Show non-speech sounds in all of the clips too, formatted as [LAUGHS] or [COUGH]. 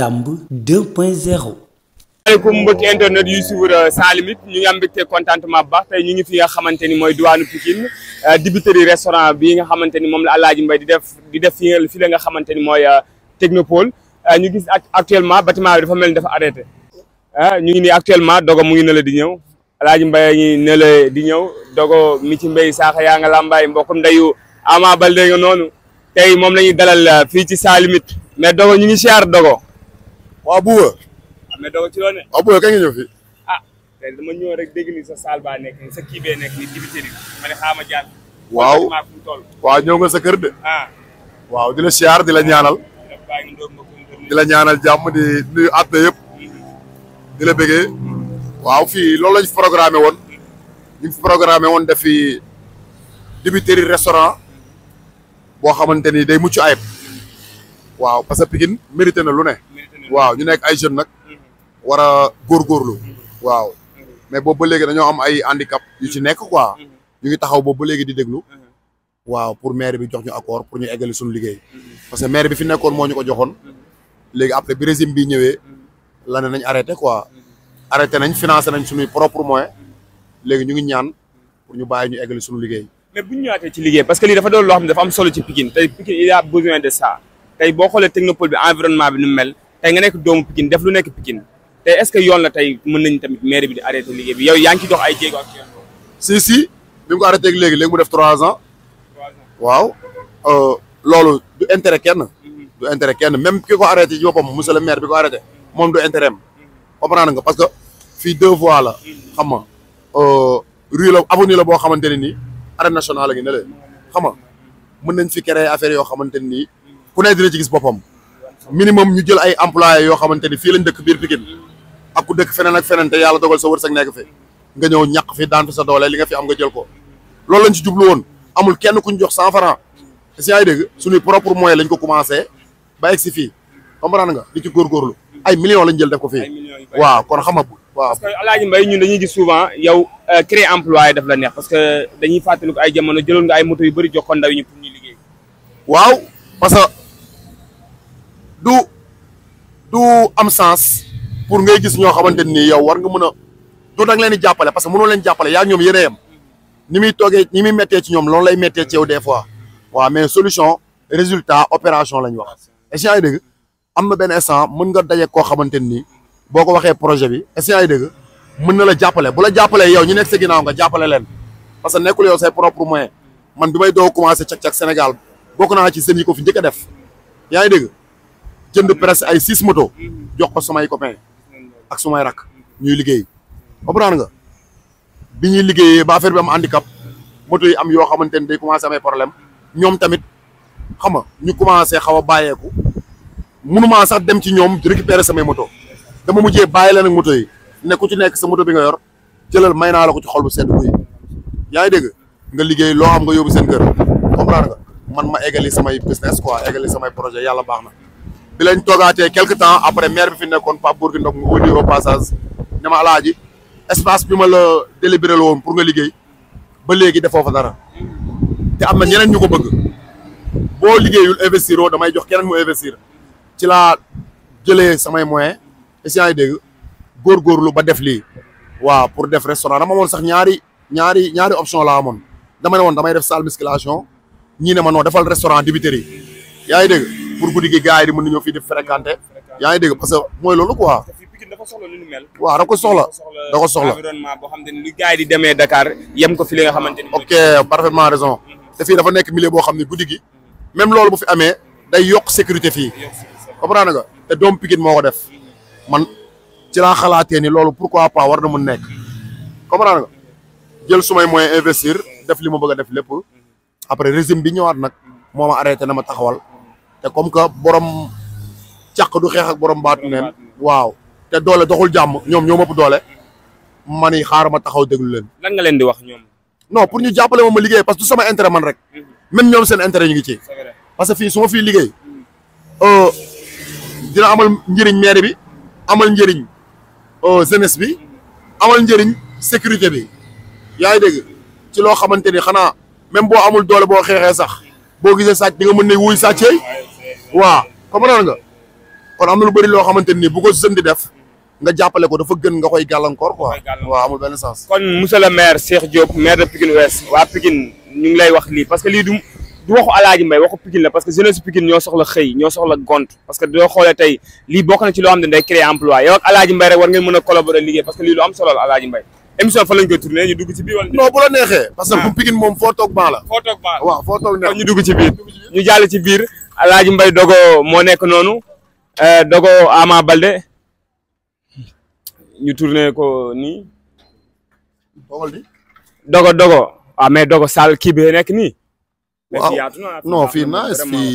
làmb 2.0. maaleykum mbokki internet yuy suivre euh, Sans Limites ñu ngi am mbégte contentement bu baax tey ñu ngi fi nga xamante ni mooy diwaanu Pikine euh, dibiteri restaurant bi nga xamante ni moom la Alaaji Mbay di def di def fi la nga xamante ni mooy euh, technopole ñu gis actuellement bâtiment bi dafa mel ni dafa arrêté ah, ñu ngi nii actuellement dogo mu ngi ne la di ñëw Alaaji Mbay ngi la di ñëw dogo mi ci mbéy saaxa yaa nga làmbaay mbokkum ndeyu Ama Baldé nga noonu tey moom lañuy ñuy dalal fii ci Sans Limites mais dogo ñu ngi siyaar dogo waaw bu wër. mais doo ci loolu ne. waaw kañ nga ñëw ah, dama ñëw rek dégg sa saal nekk nii sa kii bee nekk nii ma ne xaama jaar. waaw waaw ñëw nga sa kër de. ah waaw di la siyaar di la ñaanal. di la ñaanal jàmm di nuyu àdduna yëpp. Mm-hmm. di la bëggee. waaw fii loolu lañ fi programmé woon. ñu fi programmé woon def fi dibiteri restaurant. boo xamante ni day mucc ayib. Mm-hmm. waaw parce que Pikine mérité lu ne. waaw ñu nekk ay jeunes nag mhm. war góor góorgóorlu mhm. waaw mhm. mais boobu ba léegi dañoo am ay handicap yu ci nekk quoi ñu ngi taxaw boobu ba léegi di déglu waaw pour maire bi jox ñu accord pour ñu eggali suñu liggéey parce que maire bi fi nekkoon moo ñu ko joxoon léegi après bi régime ñëwee la ne nañ arrêté quoi arrêté nañ financé nañ suñuy propre moyen léegi ñu ngi ñaan pour ñu bàyyi ñu eggali suñu liggéey mais bu ñu ñëwaatee dafa doon loo xam dafa am solo ci Pikine tey Pikine il a besoin de ça boo xoolee technopole bi environnement bi nu mel tey nga nekk doomu Pikine def lu nekk Pikine tey est-ce que yoon la tey mën nañ tamit maire bi di arrêté liggéey bi yow yaa ngi ci dox ay jéego ak yoon. si si bi mu ko arrêté léegi mu def trois ans. waaw euh, loolu du intérêt kenn. du intérêt kenn même ki ko arrêté ci boppam monsieur le maire bi ko arrêté moom du intérêt am. comprendre nga parce que fii deux voies la xam nga euh, rue la avenue la boo xamante ne nii arène nationale la ngi ne leen xam nga mën nañ fi créer affaire yoo xamante ne nii ku ne dina ci gis boppam. minimum ñu jël ay employés yoo xamante ni fii lañ dëkk biir Pikine ak ku dëkk feneen ak feneen te yàlla dogal sa wërsëg nekk fi nga ñëw ñàq fi daan fi sa doole li nga fi am nga jël ko loolu lañ kenn ku ñu jox cent franc si ay dégg suñuy propre moyen lañ ko commencé ba egg si fii comprendre nga di ci góorlu ay million lañ jël def ko fii waaw kon xam nga waaw parce que Alaaji Mbaye ñun dañuy gis souvent yow euh, créer emploi daf la neex parce que dañuy fàttaliku ay jamono jëloon nga ay moto yu bëri jox ko ndaw ñi ñu liggéey waaw du du am sens pour ngay gis ñoo xamante nii yow war nga mën a du da nga leen di jàppale parce que mënoo leen jàppale yaa ñoom yéen yam ni muy toogee ni muy méttee ci ñoom loolu lay méttee ci yow des fois waaw mais solution résultat opération la ñu wax. est-ce que am na benn instant mën nga daje koo xamante nii boo ko waxee projet bi est-ce que mën na la jàppale bu la jàppalee yow ñu nekk sa ginnaaw nga jàppale leen parce que nekkul yow say propre moyen man bi may doo commencé cak-cak Sénégal bokk naa ci seen yi ko fi njëkk a def yaa ngi dégg jënd presque ay six moto jox ko samay copain ak sumay rak ñuy liggéey comprendre nga bi ñuy liggéeyee ba affaire bi am handicap moto yi am yoo xamante ni day commencé amee problème ñoom tamit xam nga ñu commencé xaw a bàyyeeku mënumaa sax dem ci ñoom récupérer samay moto dama mujjee bàyyi leen ak moto yi nekku ci nekk sa moto bi nga yor jëlal may naa la ko ci xol bu sedd buy yaa ngi dégg nga liggéey loo am nga yóbbu seen kër comprendre nga man ma eggali samay business quoi eggali samay projet yàlla baax na bi lañ toogaatee quelque temps après maire bi fi nekkoon Pape Gorgui Ndong mu wëndi au passage ne ma alaaji espace bi ma la délibéré la woon pour nga liggéey ba léegi defoo fa dara te am na ñeneen ñu ko bëgg boo liggéeyul investir oo damay jox keneen mu investir ci laa jëlee samay moyen essient yi góor góorgóorlu ba def lii waa pour def restaurant dama amoon sax ñaari ñaari ñaari option laa amoon dama ne damay def salle musculation ñii ne ma non defal restaurant dibiteri yaa ngi pour guddi gi gars yi di mën nañoo fii di fréquenter yaa ngi dégg parce que mooy loolu quoi. dafa soxla soxla da soxla environnement boo xam ne ni gars yi di demee Dakar yem ko fi li nga xamante ni. ok parfaitement raison. Mhm. te fii dafa nekk milieu boo xam ne guddi gi même loolu bu fi amee day yokk sécurité fii. comprendre nga te doom Pikine moo ko def man ci laa xalaatee ni loolu pourquoi pas war na mun nekk comprendre nga jël sumay moyen investir def li ma bëgg a def lépp après régime bi ñëwaat nag moo ma na ma taxawal. te comme que borom càq du xeex ak borom baatu neen waaw te doole doxul jàmm ñoom ñoo mëpp doole man yi xaaral ma taxaw déglu leen. lan nga leen di wax ñoom. non pour ñu jàppale ma ma liggéey parce que du sama intérêt man rek. Mhm. même ñoom seen intérêt ñu ngi ci. parce que fii su ma fii liggéey. Euh, dina amal njëriñ maire bi amal njëriñ euh, jeunesse bi amal njëriñ sécurité bi yaa ngi dégg ci loo xamante ni xanaa même boo amul doole boo xeexee sax boo gisee sàcc di nga mën ne wuy sàccee waaw comprendre nga kon am na lu bëri loo xamante ni bu ko jeune di def nga jàppale ko dafa gën nga koy gàllankoor quoi waaw amul benn sens kon monsieur le maire Cheikh Diop maire de Pikine Ouest waa Pikine ñu lay wax lii parce que lii du waxu Alaaji Mbay waxu Pikine la parce que jeunesse Pikine ñoo soxla xëy ñoo soxla gont parce que doo xoolee tey lii bokk ci loo xam ne day créer emploi yow ak Mbay rek war ngeen mën a collaborer liggéey parce que lii lu am solo émission fa lañ koy tourné ñu dugg ci biir wala. non bu la neexee. parce que bu ah. moom foo toog baax la. foo toog baax la waaw foo toog neex ñu dugg ci biir. ñu jàll ci biir El Hadj Mbaye Dogo moo nekk noonu eh, Dogo Ama Balde ñu tourné ko nii. Dogo Dogo waaw ah, mais Dogo Sall kii nekk nii. waaw non fii nice fii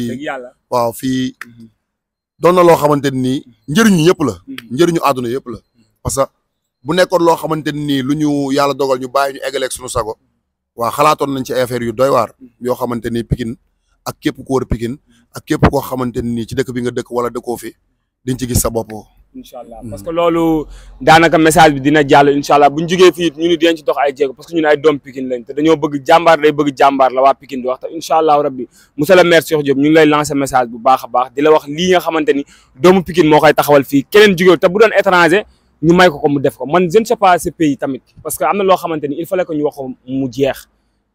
waaw fii doon na loo xamante ni njëriñu yëpp la. Mm-hmm. njëriñu àdduna yëpp la bu nekkoon loo xamante ni lu ñu yàlla dogal ñu bàyyi ñu eggaleeg suñu sago waa xalaatoon nañ ci affaire yu doy waar yoo xamante ni Pikine ak képp ku wër Pikine ak képp koo xamante ni ci dëkk bi nga dëkk wala dëkkoo fi diñ ci gis sa bopp. incha allah parce que loolu daanaka message bi dina jàll incha allah bu ñu jugee fii ñu ni ci dox ay jéego parce que ñun ay doom Pikine lañ te dañoo bëgg jàmbaar la waa Pikine di wax te incha allah rabbi monsieur le maire ngi lay lancer message bu baax a baax di la wax nga xamante ni doomu Pikine moo koy taxawal fii keneen jugee te bu doon étranger ñu may ko ko mu def ko man je ne sais ce pays tamit parce que am na loo xamante ni il fallait que ñu wax ko mu jeex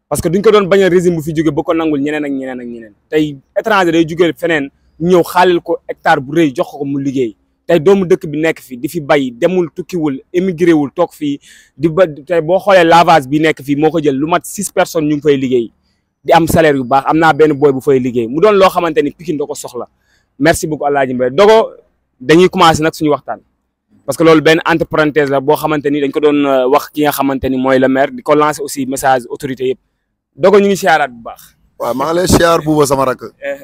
parce que duñ ko doon bañ a régime bu fi jóge ba ko nangul ñeneen ak ñeneen ak ñeneen tey étranger day jógee feneen ñëw xaalil ko hectare bu rëy jox ko mu liggéey tey doomu dëkk bi nekk fi di fi bay demul tukkiwul émigré wul toog fii di ba tey boo xoolee lavage bi nekk fii moo ko jël lu mat six personnes ñu ngi fay liggéey di am salaire yu baax am naa benn booy bu fay liggéey mu doon loo xamante ni Pikine ko soxla merci beaucoup Alaaji Mbaye Dogo dañuy commencé nag suñu waxtaan parce que lool benn entre la boo xamante ni dañ ko doon euh, wax ki nga xamante ni mooy le maire di ko lancer aussi message autorité yëpp dogo ñu ngi siyaaraat bu baax. waaw maa ngi lay siyaar sama rakk.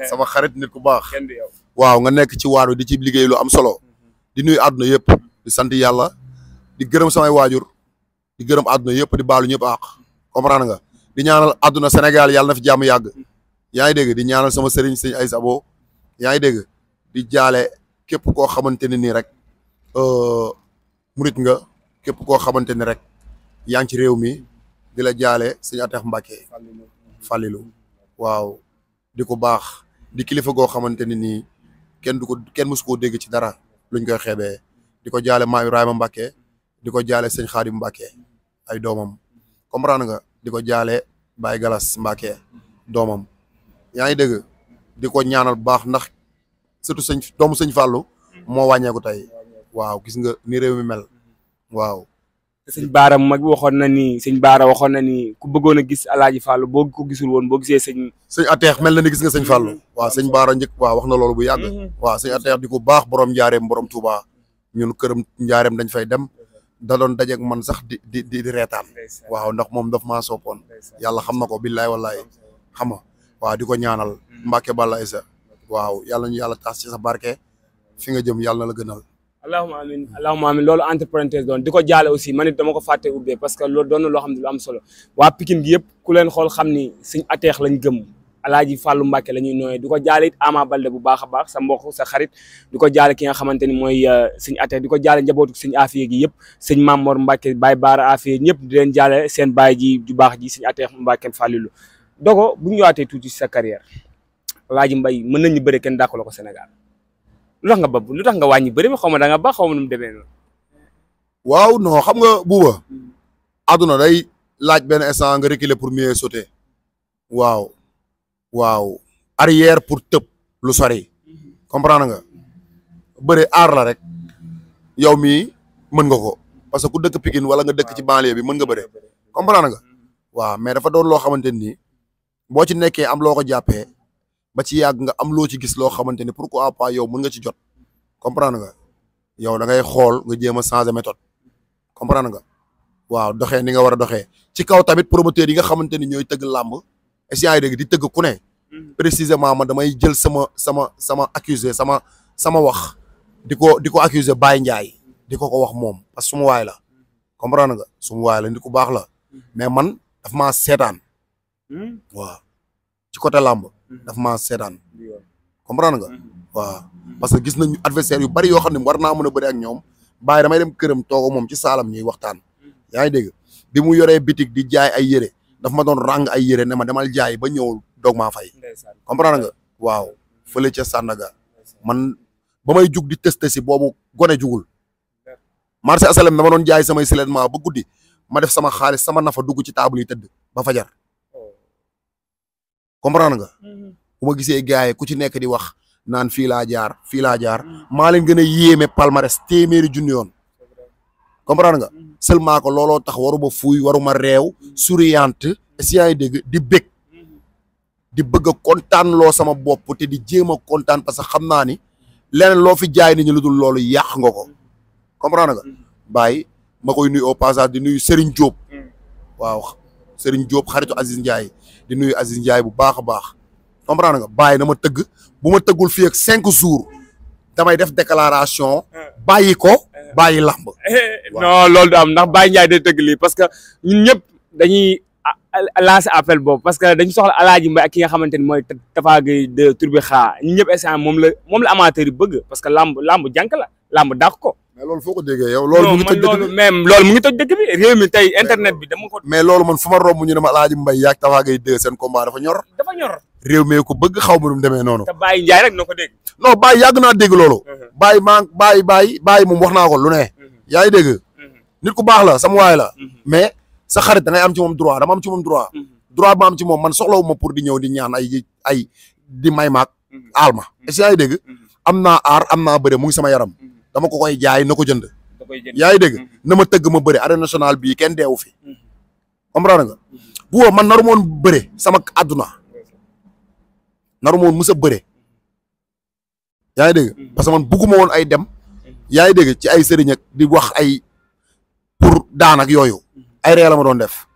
sama xarit nit ku baax. waaw nga nekk ci waar di ci liggéey lu am solo. di nuy àdduna yëpp di sant yàlla di gërëm samay waajur di gërëm àdduna yëpp di baalu ñëpp àq comprendre nga di ñaanal àdduna Sénégal yàlla na fi jàmm yàgg yaa ngi dégg di ñaanal sama sëriñ sëñ ay sabo yaa ngi dégg di jaale képp koo xamante ne nii rek o euh, murit nga képp koo xamante ni rek yaa ngi ci réew mi di la jaale sëñ Atex Mbàkke Fàllilu waaw di ko baax di kilifa goo xamante ni kenn du ko kenn mësu koo dégg ci dara luñ koy xeebee di ko jaale Maam Ibrahima Mbàkke di ko jaale sëñ Xaadim Mbàkke ay doomam comprendre nga di ko jaale Baye Galas Mbàkke doomam yaa ngi dégg di ko ñaanal baax ndax surtout sëñ doomu sëñ Fàllu moo wàññeeku tey waaw gis nga ni réew mi mel mm-hmm. waaw. sëñ Baara mag bi waxoon na ni sëñ Baara waxoon na ni ku bëggoon a gis Alaaji Fàllu boo ko gisul woon boo gisee sëñ. sëñ Ateex mel na ni gis nga sëñ fallu mm-hmm. waaw sëñ Baara njëkk waaw wax na loolu bu yàgg. Mm-hmm. waaw sëñ Ateex di ko baax borom njaareem borom Touba ñun këram njaareem dañ fay dem da doon dajeeg man sax di di di di reetaan. waaw ndax moom daf maa soppoon. yàlla xam na ko billaay wallaay xam nga waaw di ko ñaanal. Mbàkke Balla Isa waaw yàlla yàlla taas ci sa barke fi nga jëm yàlla na la gënal allahuma amin allahuma amin loolu entre parenthèse doon di ko jaale aussi man it dama ko fàtte ubbee parce que loolu doon na loo xam ne lu am solo waa Pikine gi yëpp ku leen xool xam ni suñ ateex lañ gëm alaaji Fàllu mbake la ñuy nooyee di ko jaale it Ama Balde bu baax a baax sa mbokk sa xarit di ko jaale ki nga xamante ni mooy euh, suñ ateex di ko jaale njabootu suñ afiye gi yëpp suñ Mamor Mbàkke Baye baar afiye ñëpp di leen jaale seen baay ji ju baax ji suñ ateex Mbàkke Fàllilu dogo bu ñu ñëwaatee tuuti sa carrière Mbay mën nañu bëri kenn dàkkaloo ko Sénégal lu tax nga ba lu tax nga wàññi bëri ba xaw ma da nga baax xaw ma nu mu demee noonu. waaw non xam nga buuba. Hmm. àdduna day laaj ben instant nga reculer pour mieux sauter. waaw. waaw arrière pour tëb lu sori. comprendre nga bëri aar la rek yow mi mën nga ko parce que ku dëkk Pikine wala nga dëkk ci banlieue bi mën nga bëre comprendre nga hmm. waaw mais dafa doon loo xamante nii boo ci nekkee am loo ko jàppee ba ci yàgg nga am loo ci gis loo xamante ni pourquoi pas yow mën nga ci jot comprendre nga yow da ngay xool nga jéem a changer méthode comprendre nga waaw doxee ni nga war a doxee ci kaw tamit promoteurs yi nga xamante ni ñooy tëgg làmb essient yi dégg di tëgg ku ne mm-hmm. précisément man damay jël sama sama sama accusé sama sama wax di ko di ko accusé Baye Ndiaye di ko ko wax moom parce que suma waay la comprendre nga suma waay la ndi ku baax la mm-hmm. mais man daf maa seetaan mm-hmm. waaw ci côté làmb Mhm. daf maa seetaan comprendre nga mhm. waaw parce que gis nañu adversaire yu bari yoo xam ne war naa mën a bëri ak ñoom bàyyi damay dem këram toogo moom ci saalam ñuy waxtaan mhm. yaa ngi dégg bi mu yoree bitig di jaay ay yére daf ma doon ràng ay yére ne ma demal jaay ba ñëw doog maa fay comprendre nga waaw fële ca Sandaga man ba may jug di testé si boobu gone jugul marché asalem dama doon jaay sama silet ma ba guddi ma def sama xaalis sama nafa dugg ci table yi tëdd ba fajar comprendre nga. Mm-hmm. bu ma gisee gars yi ku ci nekk di wax naan fii laa jaar fii laa jaar mm-hmm. maa leen gën a yéeme palmarès téeméeri junni yoon comprendre nga mm-hmm. seulement ko looloo tax waruma fuuy waruma réew souriante si yaay dégg di bëgg di bëgg a sama bopp te di jéem a kontaan parce que xam naa ni leneen loo fi jaay nit ñi lu dul loolu yàq nga ko comprendre nga. bàyyi ma koy nuyu au di nuyu Serigne Diop waaw. Serigne Diop xaritu Aziz Ndiaye di nuyu Aziz Ndiaye bu baax a baax comprendre nga bàyyi na ma tëgg bu ma tëggul fii ak cinq jours damay def déclaration bàyyi ko bàyyi làmb [LAUGHS] non loolu du am ndax Baye Ndiaye day tëgg lii parce que ñun ñëpp dañuy ah, ah, lancé appel boobu parce que dañu soxla alaaji mbay ak ki nga xamante ni mooy Tapha Gueye de Tourbi xaa ñun ñëpp instant moom la moom la amateur yi bëgg parce que làmb làmb jànk la làmb dàq ko mais loolu foo ko déggee yow. loolu mu ngi toj dëkk bi même mi tey internet bi dama ko. mais loolu man fu ma romb ñu ne ma Alaaji Mbay yaag Tafa Gueye dégg seen combat dafa ñor. dafa ñor réew mi ko bëgg xaw ma nu mu demee noonu. te Baye Ndiaye rek ko dégg. non Baye yàgg naa dégg loolu. Mhm. Baye maa baay Baye Baye moom wax naa ko lu ne. Mhm. yaa ngi dégg. Mhm. nit ku baax la sama waay la. mais sa xarit da ngay am ci moom droit dama am ci moom droit. droit ba am ci moom man soxlawu ma pour di ñëw di ñaan ay ay di may maag alma. ma ce que yaa dégg am naa aar am naa bëre mu sama yaram dama ko koy jaay na ko jënd. da yaa ngi dégg. Mm-hmm. na ma tëgg ma bëri arène national bii kenn deewu fi. Mm-hmm. comprendre nga. Mm-hmm. bu woo man naru ma woon sama àdduna. naru ma woon mës a bëre. yaa ngi dégg parce que man bëgguma woon ay dem. yaa ngi dégg ci ay sëriñ di wax ay pour daan ak yooyu. ay réer la ma doon def.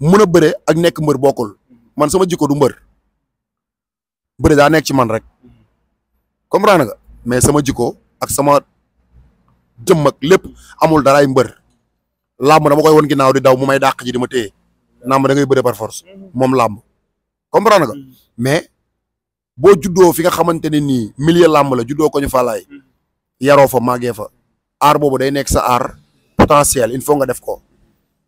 mën a ak nekk mbër bokkul. man sama jikko du mbër. bëre daa nekk ci man rek. comprendre nga mais sama jikko. ak sama jëmm lépp amul daraay mbër na dama koy won ginnaaw di daw mu may dàq ji di ma téye làmb da ngay bëre par force mhm. moom làmb comprendre nga mhm. mais boo juddoo fi nga xamante ne nii milieu làmb la juddoo ko ñu falaay mhm. yaroo fa màggee fa aar boobu day nekk sa aar potentiel il faut nga def ko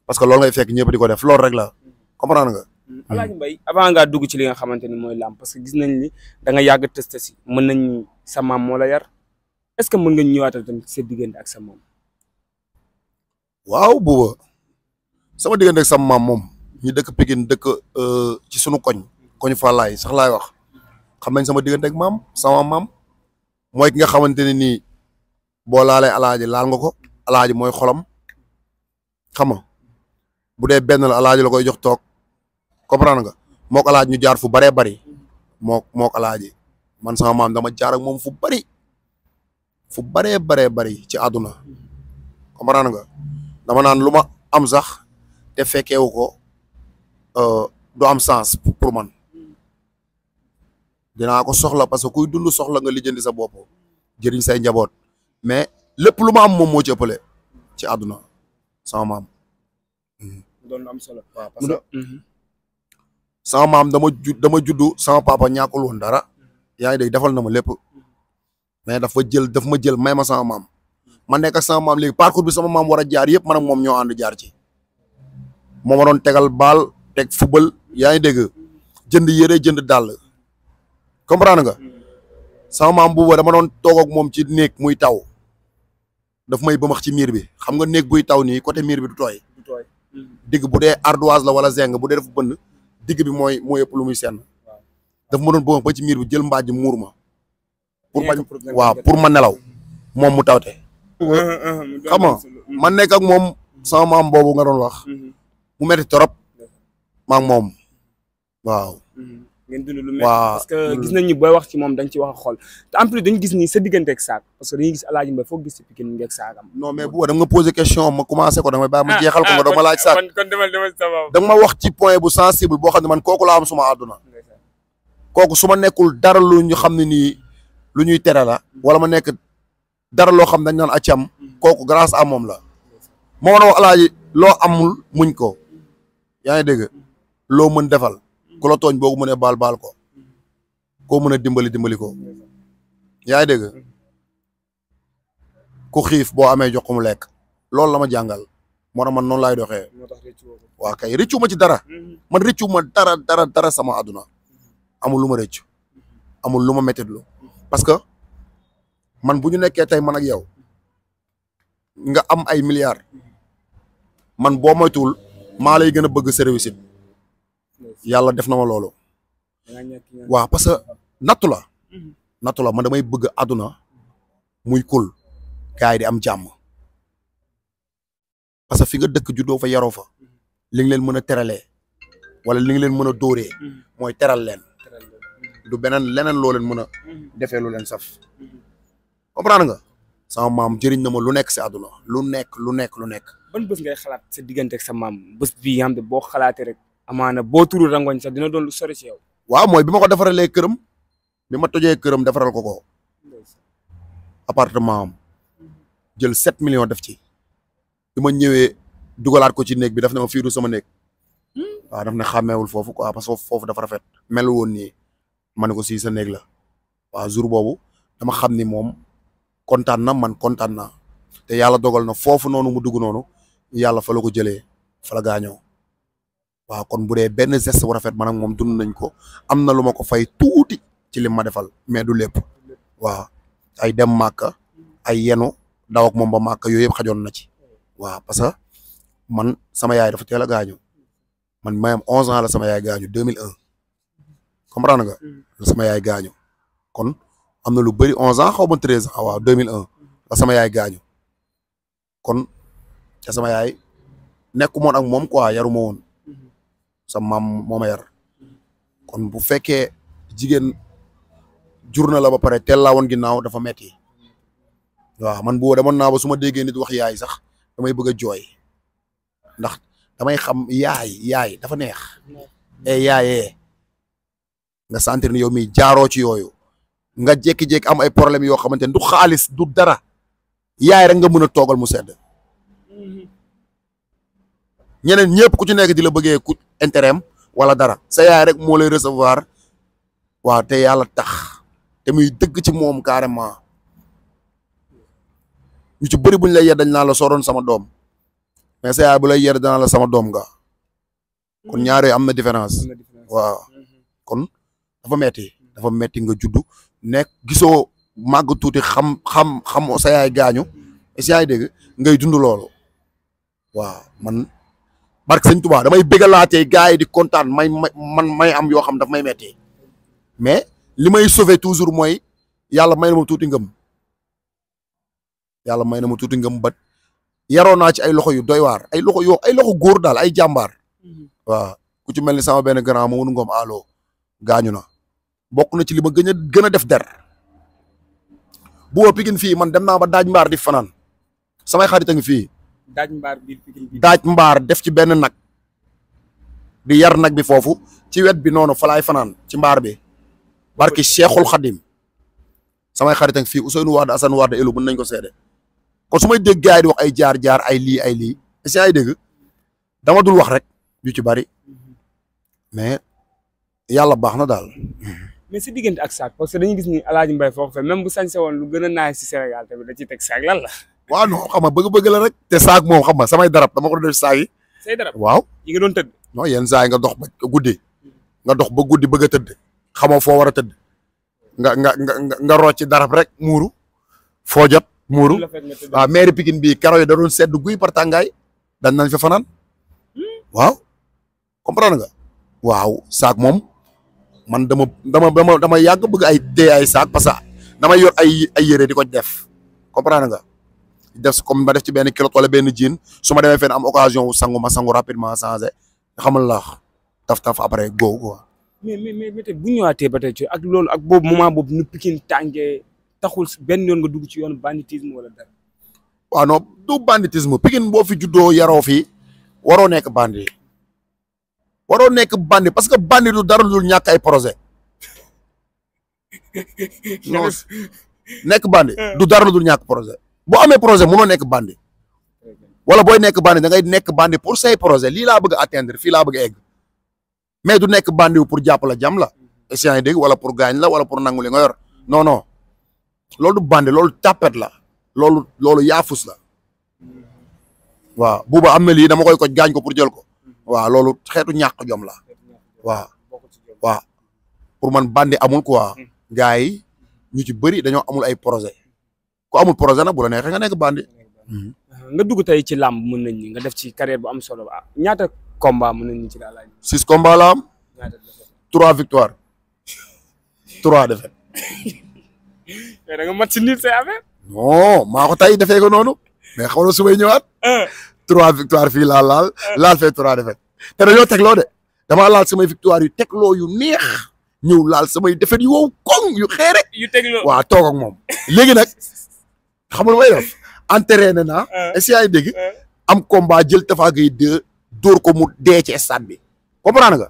parce que lool ngay fekk ñëpp ko def loolu rek la comprendre nga. Alaaji Mbaye avant ngaa dugg ci li nga xamante ni mooy làmb parce que gis nañ ni da nga yàgg test mën na sa maam moo la yar. est-ce que mën nga a tamit sa diggante ak sa maam. waaw sama diggante ak sama maam moom ñu dëkk Pikine dëkk euh, ci sunu koñ koñ Fallaye sax laay wax xam nañ sama diggante ak maam sama maam mooy ki nga xamante ne nii boo laalee alaaji laal nga ko alaaji mooy xolam xam nga bu dee benn la la koy jox toog comprendre nga mook alaaji ñu jaar fu baree bari mook mook alaaji man sama maam dama jaar ak moom fu bari fu baree baree bari ci àdduna comprendre nga dama naan lu ma am sax te fekkeewu ko euh, du am sens pour man dinaa ko soxla parce que kuy dund soxla nga lijjanti sa bopp jëriñ say njaboot mais lépp lu ma am moom moo ci ci àdduna sama maam. Mhm. mu mhm. sama maam dama ju dama juddu sama papa ñàkkul woon dara mhm. yaa ngi dégg defal na ma lépp. mais dafa jël daf ma jël may ma sama maam ma nekk ak sama maam léegi parcours bi sama maam war a jaar yëpp man ak moom ñoo ànd jaar ci moo ma doon tegal bal teg fubal yaa ngi dégg jënd yére jënd dàll comprendre nga sama maam boobu dama doon toog ak moom ci néeg muy taw daf may bëmax ci miir bi xam nga néeg buy taw nii côté miir bi du tooy digg bu dee ardoise la wala zinc bu de dafa bënn digg bi mooy mooy ëpp lu muy senn daf ma doon bëmax ba ci miir bi jël mbaaj muur pour ma waaw pour ma nelaw moom mu tawte [LAUGHS] xam nga man nekk ak moom sama maam boobu nga doon wax mm-hmm. mu metti trop maa ngi moom waaw mm-hmm. ngeen dund lu mel parce que mm. gis nañ ni booy wax ci moom dañ ci wax a xool te en plus dañu gis ni sa diggante ak saag parce que dañuy gis Alaaji Mbaye foog gis si Pikine ngeeg saagam non mais bu da question ma commencé ko da nga bàyyi ma ah, jeexal ko ah, nga da ma laaj wax ci point bu sensible boo xam man kooku laa am suma àdduna kooku su nekkul dara lu ñu xam lu ñuy tere la wala ma nekk dara loo xam dañ naan acam kooku grâce à moom la moo mën loo amul muñ ko yaa ngi dégg loo mën defal ku la tooñ boogu mënee bal baal ko koo mën a dimbali dimbali ko yaa ngi dégg ku xiif boo amee jox ko mu lekk loolu la ma jàngal moo tax man noonu laay doxee waa kay rëccu ma ci dara man rëccu ma dara dara dara sama àdduna amul lu ma rëccu amul lu ma méttitlu parce que man bu ñu nekkee tey man ak yow nga am ay milliards man boo moytuwul maa lay gën a bëgg sa réussite yàlla def na ma loolu. waaw parce que nattu la. nattu la man damay bëgg àdduna muy kul gars yi di am jàmm parce que fi nga dëkk juddoo fa yaroo fa li leen mën a teralee wala li nga leen mën a dóoree mm. mooy teral leen. du beneen leneen loo leen mën a mhm. defee lu leen saf comprendre nga sama maam jëriñ na ma lu nekk si àdduna lu nekk lu nekk lu nekk ban bés ngay xalaat sa diggante ak sa maam bés bi nga xam ne boo xalaatee rek amaana boo turu rangoñ sax dina doon lu sori si yow waaw mooy bi ma ko defaralee këram bi ma tojee këram defaral ko ko appartement am jël sept millions def ci bi ma ñëwee dugalaat ko ci néeg bi daf ne ma fii du sama néeg hmm? waaw daf ne xàmmeewul foofu quoi parce que foofu dafa rafet melu nii ma ne ko si sa néeg la waaw jour boobu dama xam ni moom kontaan na man kontaan naa te yàlla dogal na foofu noonu mu dugg noonu yàlla fa la ko jëlee fa gaañoo waaw kon bu dee benn geste bu rafet man ak moom dund nañ ko am na lu ma ko fay tuuti ci lim ma defal mais du lépp waaw ay dem màkka ay yenu daw ak moom ba màkka yooyu yëpp xajoon na ci wa parce que man sama yaay dafa teel a gaañu man mayam 11 ans la sama yaay gaañu 2001. comprendre nga. Mm. sama yaay gaañu kon am na lu bari onze ans xaw ma treize ans waaw deux mille un la sama yaay gaañu kon te sama yaay nekku moon ak moom quoi yaruma woon mm-hmm. sama maam moo ma yar mm-hmm. kon bu fekkee jigéen jur na la ba pare teel laa woon ginnaaw dafa metti waaw man boo demoon naa ba su ma déggee nit wax yaay sax damay bëgg a jooy ndax damay xam yay yay dafa neex. e nga sentir ne yow mi jaaroo ci yooyu nga jékki-jékki am ay problème yoo xamante ne du xaalis du dara yaay rek nga mën a toogal mu sedd ñeneen ñëpp ku ci nekk di la bëggee ku intérêt am wala dara sa yaay rek moo lay recevoir waaw te yàlla tax te muy dëgg ci moom carrément ñu ci bëri buñ la lay dañ naa la soroon sama doom mais sa yaay bu lay yedd la sama doom nga kon mm-hmm. ñaar yooyu am na différence waaw dafa metti dafa metti nga juddu nekk giso màgg tuuti xam xam xamoo sa yaay gaañu si yaay dégg ngay dund loolu waaw man barke sëñ Tuubaa damay bégalaatee gars yi di kontaan may man may am yoo xam daf may metti mais li may sauver toujours mooy yàlla may ma tuuti ngam yàlla may na ma tuuti ngëm ba yaroo naa ci ay loxo yu doy waar ay loxo yoo ay loxo góor daal ay jàmbaar mm-hmm. waaw ku ci mel ni sama benn grand ma wunu ngoom allo gaañu na bokk na ci li ma gën a gën a def der bu woo Pikine fii man dem naa ba daaj mbaar di fanaan samay xarit a ngi fii. daaj mbaar mbaar def ci benn nag di yar nag bi foofu ci wet bi noonu falaay fanaan ci mbaar bi barki Cheikhul Khadim samay xarit a ngi fii Ousseynou Wade Assane Wade Elou mën nañ ko seede kon su may dégg gars di wax ay jaar jaar ay lii ay lii si ay dégg dama dul wax rek yu ci bari mm-hmm. mais yàlla baax na daal. mais si diggante ak saak parce que dañuy gis ni Alaaji Mbaye foofu fa même bu sañse woon lu gën a naay si Sénégal tamit da ciy teg saak lan waaw non xam nga bëgg-bëgg la rek te saak moom xam nga samay darab dama ko def saak waaw yi nga doon tëdd. non yen saay yi nga dox ba guddi nga dox ba guddi bëgg a tëdd xamoo foo war a tëdd nga nga nga nga rocc darab rek muuru foo jot muuru waaw maire Pikine bii karo yi da sedd guy par tàngaay dañ nañ fa fanaan hmm? waaw comprendre nga waaw saak moom. man dama dama dama dama yàgg bëgg ay téye ay saak parce que damay yor ay ay yére di ko def comprendre nga def comme ma def ci benn kilo wala benn jean su ma demee fenn am occasion wu sangu ma sangu rapidement changé xamal la taf taf après go quoi. mais mais mais tey bu ñëwaatee ba tey ci ak loolu ak boobu moment boobu nu Pikine tàngee taxul benn yoon nga dugg ci yoon banditisme wala dara. waaw non du banditisme Pikine boo fi juddoo yaroo fi waroo nekk bandit. waroo nekk bandi parce que bandi du dara lu ñàkk ay projet [LAUGHS] non nekk bandi du dara lu ñàkk projet boo amee projet mënoo nekk bandi wala boo nekk bandi da ngay nekk bandi pour say projet lii laa bëgg a atteindre fii laa bëgg a egg mais du nekk bandi pour jàpp la jàmm la essient yi wala pour gaañ la wala pour nangu li nga yor non non loolu du bandi loolu tàppet la loolu loolu yaafus la waaw buuba am na lii dama koy ko gaañ ko pour jël ko waaw loolu xeetu ñàkk jom la waaw waaw pour man bandi amul quoi hmm. gars yi ñu ci bëri dañoo amul ay projet ku amul projet nag bu la neexee nga nekk bandi nga hmm. ah, dugg tey ci làmb mën nañ ñi nga def ci carrière bu am solo ah ñaata combat mën nañ ñi ci daal six combat la am trois victoire trois défaite [LAUGHS] da maa ko tey defee ko noonu mais xawla su may ñëwaat ah. trois victoire fii laa laal eh. laal fee trois défaite te dañoo tegloo de damaa laal samay victoire yu tegloo yu neex ñëw laal samay défaite yu wow koŋ yu xeere yu tegloo toog ak moom léegi nag xam lu may def entraîné naa eh. est-ce eh. am combat jël Tapha Gueye 2 ko mu dee ci stade bi comprendre nga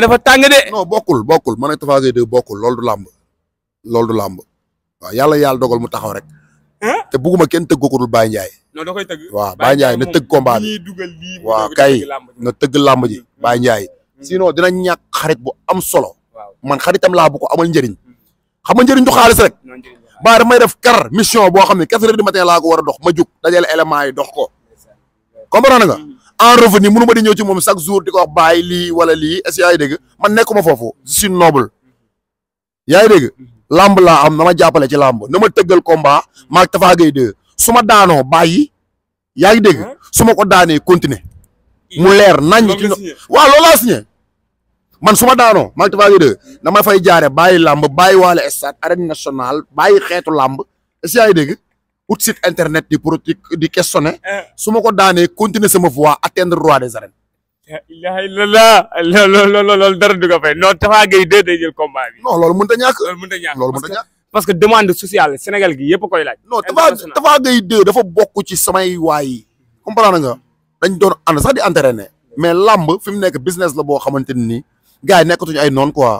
bi bokkul bokkul man ak Tapha bokkul loolu du lamb loolu du làmb waaw yàlla yàlla dogal mu taxaw rek te bugguma kenn tëggoo ko dul Baye non da koy tëgg. waaw Baye na tëgg combat bi waaw kay na tëgg làmb ji Ndiaye. sinon dina ñàkk xarit bu am solo. man xaritam laa bu ko amal njëriñ. Hmm. xam nga njëriñ du xaalis rek. Baye damay def car mission boo xam ne quatre heures du laa ko war a dox ma jug dajale élément yi dox ko. comprendre nga hmm. en revenu mënu ma di ñëw ci moom chaque jour di ko wax bàyyi lii wala lii est-ce que yaa man nekkuma foofu je suis noble. yaa ngi dégg hmm. làmb laa am na ma jàppale ci làmb na ma tëggal combat maag Tafa su ma daanoo bàyyi yaa ngi dégg su ma ko daanee continuer mu leer nañ ci waaw loolu laa signé man su ma daanoo maag tafage de dama fay jaare bàyyi làmb bàyyi waale stade arène nationale bàyyi xeetu làmb est-ce yaa ngi dégg ut site internet di protique di questionner su ma ko daanee continuer sama voie atteindre roi des arènes ilaha illallah lool lool lool dara du ko fay non Tafa Gueye dee day jël combat bi non loolu mënta ñàkk loolu mënta ñàkk loolu mënta parce que demande sociale Sénégal gi yëpp koy laaj. non Tapha Tapha Gueye 2 dafa bokk ci samay waay yi comprendre nga dañ doon ànd sax di entraîner mais làmb fi mu nekk business la boo xamante ne nii gars yi nekkatuñu ay noon quoi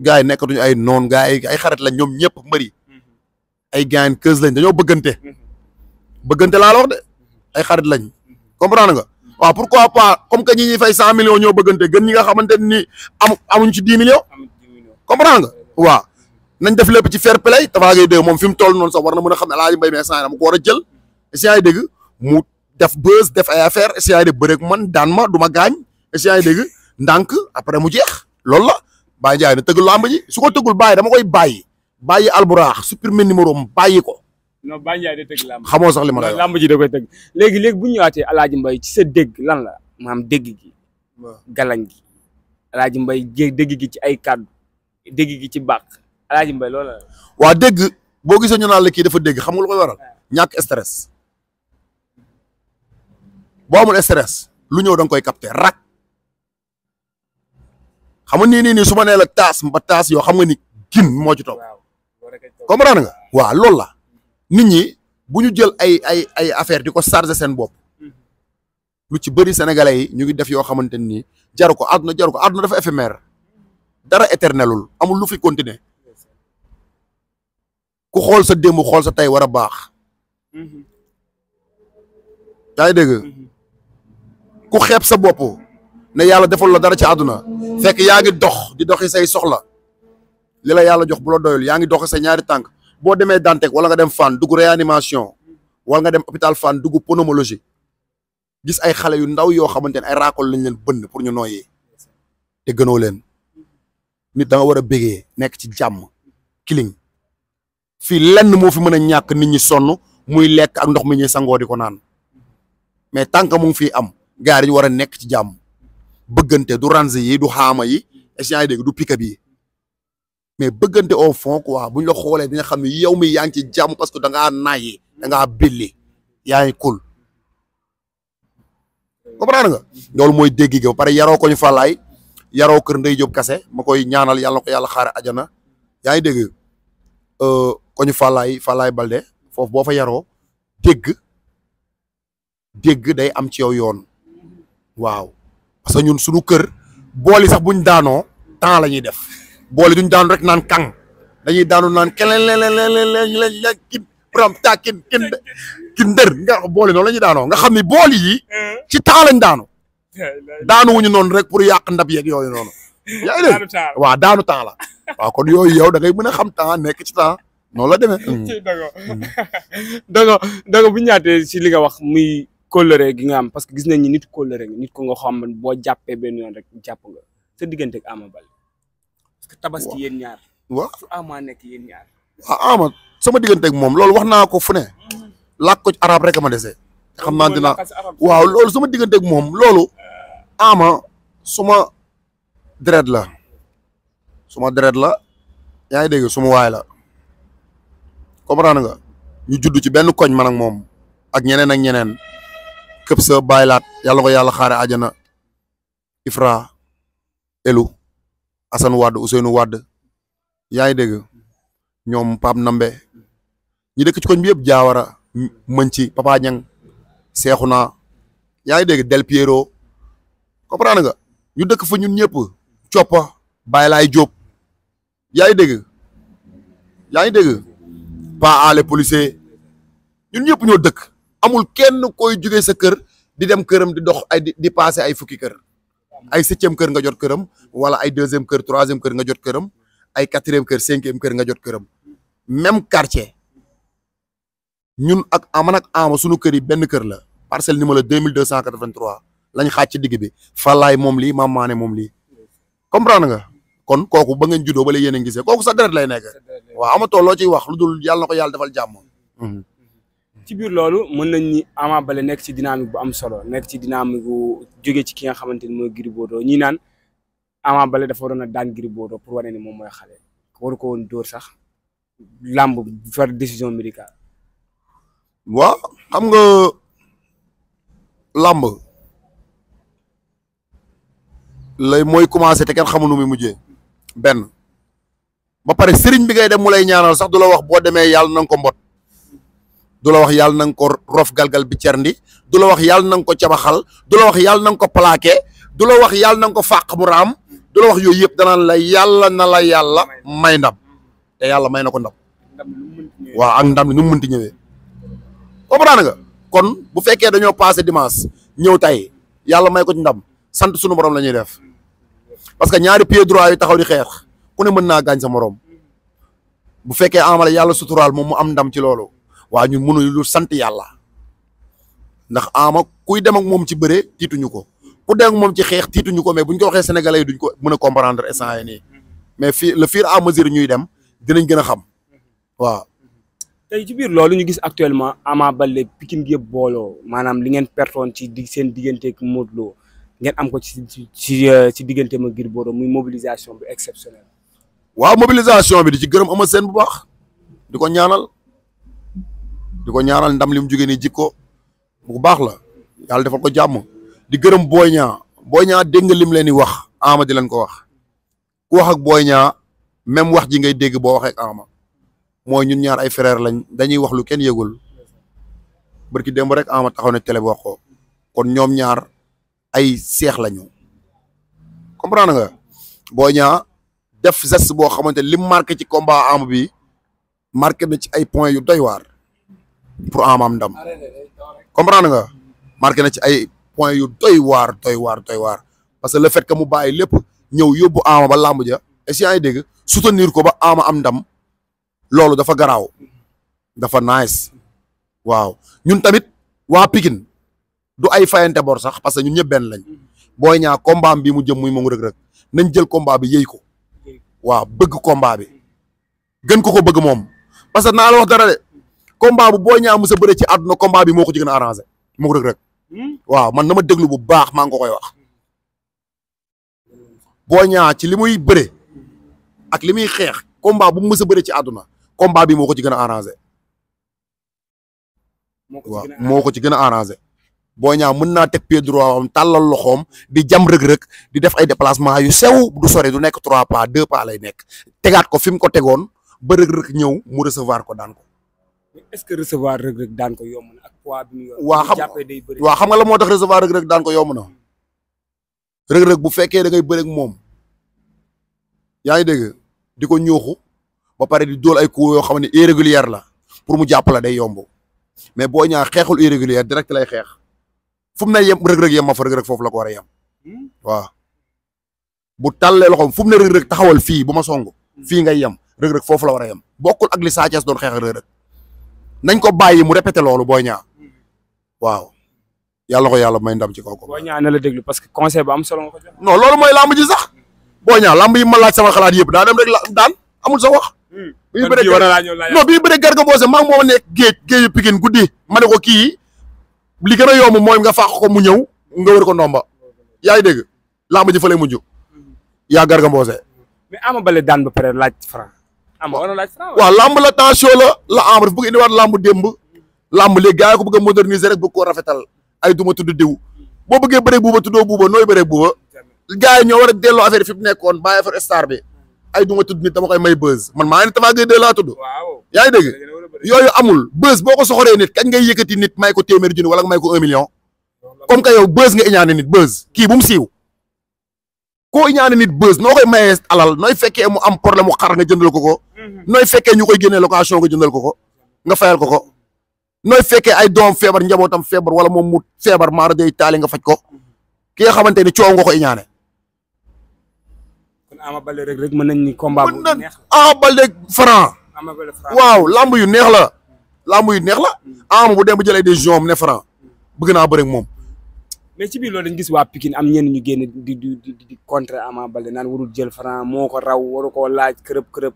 gars yi nekkatuñu ay noon gars yi ay xarit lañ ñoom ñëpp mbëri ay gaañ keus lañ dañoo bëggante bëggante laa de ay xarit lañ comprendre nga waaw pourquoi pas comme que ñi ñuy fay cent millions ñoo bëggante gën ñi nga xamante ni am amuñ ci dix millions comprendre nga nañ def lépp ci fer play Tapha Gueye dégg moom fi mu toll noonu sax war na mën a xam ne Aladji Mbaye mais saa dama ay dégg mu def buzz def ay affaire si ay dégg bëreeg man daan ma du ma gaañ si ay dégg ndànk après mu jeex loolu la Baye Ndiaye na tëgg lamb ji su ko tëggul baay dama koy bàyyi bàyyi alburaax supprimer numéro am bàyyi ko. non Baye Ndiaye da tëgg lamb sax li ma lay wax lamb ji de koy tëgg léegi léegi bu ñu ñëwaatee Aladji Mbaye ci sa dégg lan la maam dégg gi. galañ gi Aladji dégg gi ci ay kàddu dégg gi ci bàq Alaaji Mbaye loolu la. waa dégg boo gisee ñu naan la kii dafa dégg xam nga lu waral ñàkk stress boo amul stress lu ñëw da koy capter rak xam nga nii nii nii su ma nee la taas ba taas yoo xam nga ni kin moo ci topp. comprendre nga waaw loolu la nit ñi bu jël ay ay ay affaire di ko chargé seen bopp mm-hmm. lu ci bëri sénégalais yi ñu ngi def yoo xamante ni jaru ko àdduna jaru ko àdduna dafa éphémère dara éternelul amul lu fi continuer ku xool sa démb xool sa tey war a baax. Mhm. yaa ngi dégg mhm. ku xeeb sa bopp na yàlla defal la dara ci àdduna fekk yaa ngi dox di doxi say soxla li la yàlla jox bu la doyul yaa ngi doxi sa ñaari tànk boo demee Dantec wala nga dem Fann dugg réanimation wala nga dem hôpital Fann dugg pneumologie gis ay xale yu ndaw yoo xamante ne ay raakol lañ leen bënn pour ñu nooyee te gënoo leen nit da nga war a bégee nekk ci jàmm kiling fii lenn moo fi mën a ñàkk nit ñi sonn muy lekk ak ndox mi ñuy sangoo di ko naan mais tant que mu ngi fii am gars yi war a nekk ci jàmm bëggante du range yi du xaama yi échange yi dégg du pick-up yi mais bëggante au fond bu ñu la xoolee dina xam ne yow mi yaa ngi ci jàmm parce que da ngaa nayi da ngaa billi yaa ngi kul comprendre nga loolu mooy dégg ga ba pare yaroo ko ñu fàllaay yaroo kër day Jóob kase ma koy ñaanal yàlla na ko yàlla xaare ajana yaa ngi dégg euh, koñu Fallaye Fallaye Balde foofu boo fa yaroo dégg dégg day am ci yow yoon waaw parce que ñun suñu kër booli sax buñ daanoo temps la ñuy def booli duñ daanu rek naan kang dañuy daanu naan keneen leneen leneen leneen leneen kin pram ta kin kin kin ndër nga booli noonu la ñuy daanoo nga xam ni booli yi ci temps lañ daanu daanu wuñu noonu rek pour yàq ndab yeeg yooyu noonu yaa ngi dégg waaw daanu temps la waaw kon yooyu yow da ngay mën a xam temps nekk ci temps noonu la demee. Mm. [LAUGHS] d'accord mm. [LAUGHS] bu ñu ñaatee si li nga wax muy kóllëre gi nga am parce que gis nañ ni nit kóllëre nit ko nga xam boo jàppee benn yoon rek jàpp nga sa diggante ak Ama Baldé. parce que tabaski yéen ñaar. waaw ah, Ama sama diggante ak moom loolu wax naa ko fu ne. làkk ko arab rek ma dese. xam naa dinaa waaw loolu sama diggante ak moom loolu. Ama suma deret la. suma deret la yaa ngi dégg suma waay la. comprendre nga ñu judd ci benn koñ man ak moom ak ñeneen ak ñeneen këpp sa baylaat yàlla ko yàlla Ifra Elu Assane Wade Ousseynou Wade yaa ngi dégg ñoom Pape Nambe ñi dëkk ci koñ bi yëpp jaawara mën ci Papa Ñang seexu yaa ngi dégg Del Piero comprendre nga ñu dëkk fa ñun ñëpp coppa bàyyi laay jóob yaa ngi dégg yaa ngi dégg pas à les policiers ñun ñëpp ñoo dëkk amul kenn koy jugee sa kër di dem këram di dox ay di passé ay fukki kër ay septième kër nga jot këram wala ay deuxième kër troisième kër nga jot këram ay quatrième kër cinquième kër nga jot këram même quartier ñun ak aman ak ama sunu kër yi benn kër la parcelle numéro deux mille deux cent quatre-vingt-trois lañ xaaj ci digg bi Fallaye moom lii Mame Mané moom lii comprendre nga. kon kooku ba ngeen juddoo ba la yéen a gisee kooku sa deret lay nekk waaw amatoo loo ciy wax lu dul yàlla na ko yàlla defal jàmm. Mhm. ci biir loolu mën nañ ni Ama nekk ci dynamique bu am solo nekk ci dynamique bu jóge ci ki nga xamante ni mooy Gris Bordeaux ñi naan Ama Baldé dafa waroon a daan Gris Bordeaux pour wane ni moom mooy xale waru ko woon dóor sax làmb faire décision médicale. waaw xam nga làmb lay mooy commencé te kenn xamu nu muy mujjee. benn ba pare sëriñ bi ngay dem mu lay ñaanal sax du la wax boo demee yàlla na ko mbot du la wax yàlla na ko rof galgal bi cerndi du la wax yàlla na nga ko cabaxal du la wax yàlla na nga ko plaqué du la wax yàlla na nga ko fàq mu raam du la wax yooyu yëpp danaan la yàlla na la yàlla may ndam te yàlla may na ko ndam waaw ak ndam li nu mu mënti ñëwee comprendre nga kon bu fekkee dañoo passé dimanche ñëw tey yàlla may ko ndam sant sunu borom la ñuy def parce que ñaari pied droit taxaw di xeex ku ne mën naa gaañ sa morom bu fekkee Ama Baldé yàlla sutural moom mu am ndam ci loolu waa ñu mënu lu sant yàlla ndax Ama kuy dem ak moom ci bëre tiituñu ko ku dem ak moom ci xeex tiituñu ko mais buñ ko waxee sénégalais yi duñ ko mën a comprendre instant yii nii mais fii le fur et à mesure ñuy dem dinañ gën a xam waaw. tey ci biir loolu ñu gis actuellement Ama Baldé Pikine gi yëpp booloo maanaam li ngeen pertoon ci dig seen digganteeg Modou Lo ngeen am ko ci ci ci euh, diggante ma Gris Bordeaux muy mobilisation bi exceptionnelle. waaw mobilisation bi di ci gërëm ama seen bu baax di ko ñaanal di ko ñaanal ndam li mu jógee nii jikko bu baax la yàlla defal ko jàmm di gërëm Boy Niang Boy Niang dégg nga lim leen di wax ama di leen ko wax ku wax ak Boy Niang même wax ji ngay dégg boo waxee ak ama mooy ñun ñaar ay frère lañ dañuy wax lu kenn yëgul barki démb rek ama taxaw na télé wax ko kon ñoom ñaar. ay seex lañu comprendre nga Boy Niang def geste boo xamante li marqué ci combat am bi marqué na ci ay point yu doy waar pour am am ndam comprendre nga marqué na ci ay point yu doy waar doy waar doy waar parce que le fait que mu bàyyi lépp ñëw yóbbu ama ba làmb ja est-ce que yaa ngi dégg soutenir ko ba am am ndam loolu dafa garaaw dafa nice waaw ñun tamit waa Pikine du ay fayante bor sax parce que ñun ñëpp benn lañ booy ñaa combat bi mu jëm muy moomu rek rek nañ jël combat bi yëy ko waaw bëgg combat bi gën ko ko bëgg moom parce que naa la dara de combat bu booy ñaa mu sa bëre ci àdduna combat bi moo ko ci gën a rek waaw man na ma déglu bu baax maa ngi ko koy wax booy ñaa ci li muy bëre ak li muy xeex combat bu mu mës a bëre ci àdduna combat bi moo ko ci gën a arrangé. moo ko ci gën a arrangé waaw moo ko ci gën a arrangé. boo Niang mën naa teg pied droit tàllal loxoom di jam rëg-rëg di def ay déplacement yu sew du sori du nekk trois pas deux pas lay nekk tegaat ko fi mu ko tegoon ba rëg-rëg ñëw mu recevoir ko daan ko. est-ce que recevoir rëg-rëg yomb ak poids bi mu yor. waa xam waa xam nga la moo tax recevoir rëg-rëg daan ko yomb na rëg-rëg bu fekkee da ngay bëre ak moom yaa ngi dégg di ko ñooxu ba pare di dool ay coups yoo xam ne irrégulière la pour mu jàpp la day yomb mais boo Niang xeexul irrégulière direct lay xeex. fu na yem rëg-rëg yem ma fa rëg-rëg foofu la ko war a yem hmm? waaw bu tàllee loxoom fu mu ne rëg-rëg taxawal fii bu ma song hmm. fii ngay yem rëg-rëg foofu la war a yem bokkul ak li Sa Thiès doon xeex rëg-rëg nañ ko bàyyi mu répété loolu Boy Niang hmm. waaw yàlla ko yàlla may ndam ci kaw ko Boy Niang la déglu parce que conseil am solo nga ko mooy lamb ji sax Boy Niang lamb yi ma laaj sama xalaat yëpp daa dem rek la daan amul sa wax bi ñu bëree non bi ñu bëree Garga Mbossé maa ngi nekk géej géeju guddi ma ne ko kii li gën a yomb mooy nga fàq ko mu ñëw nga wër ko nomba yaa ngi dégg làmb ji fa lay mujj yaa Garga Mbossé. mais Ama Baldé daan ba pare laaj Franc. Ama war na laaj Franc waaw làmb la tension la la am dafa bëgg indiwaat làmb démb. lamb léegi gars yi ko bëgg a moderniser rek bëgg koo rafetal ay duma tudd diw boo bëggee bëree buuba tuddoo buuba nooy bëree buuba gars yi ñoo war a delloo affaire fi mu nekkoon bàyyi affaire star bi ay duma tudd nit dama koy may buzz man maa ngi ne Tapha laa tudd. waaw yaa ngi dégg yooyu amul bës boo ko soxoree nit kañ ngay yëkkati nit may ko téeméer junni wala may ko un million comme que yow bës nga iñaane nit bës kii bu mu siiw koo iñaane nit bës noo koy mayee alal nooy fekkee mu am problème mu xar nga jëndal ko ko mhm. nooy fekkee ñu koy génnee location nga jëndal ko ko nga fayal ko ko nooy fekkee ay doom feebar njabootam feebar wala moom mu feebar maara day taali nga faj ko ki nga xamante ni coow nga ko iñaane a Ama Baldé rek rek waaw lamb yu neex la lamb yu neex la ama bu dem ba jëlee décision am ne Franc bëgg naa bëre ak moom. mais ci biir loolu dañu gis waa Pikine am ñenn ñu génn di di di di contre Ama Baldé naan warul jël Franc moo ko raw waru koo laaj kërëb kërëb.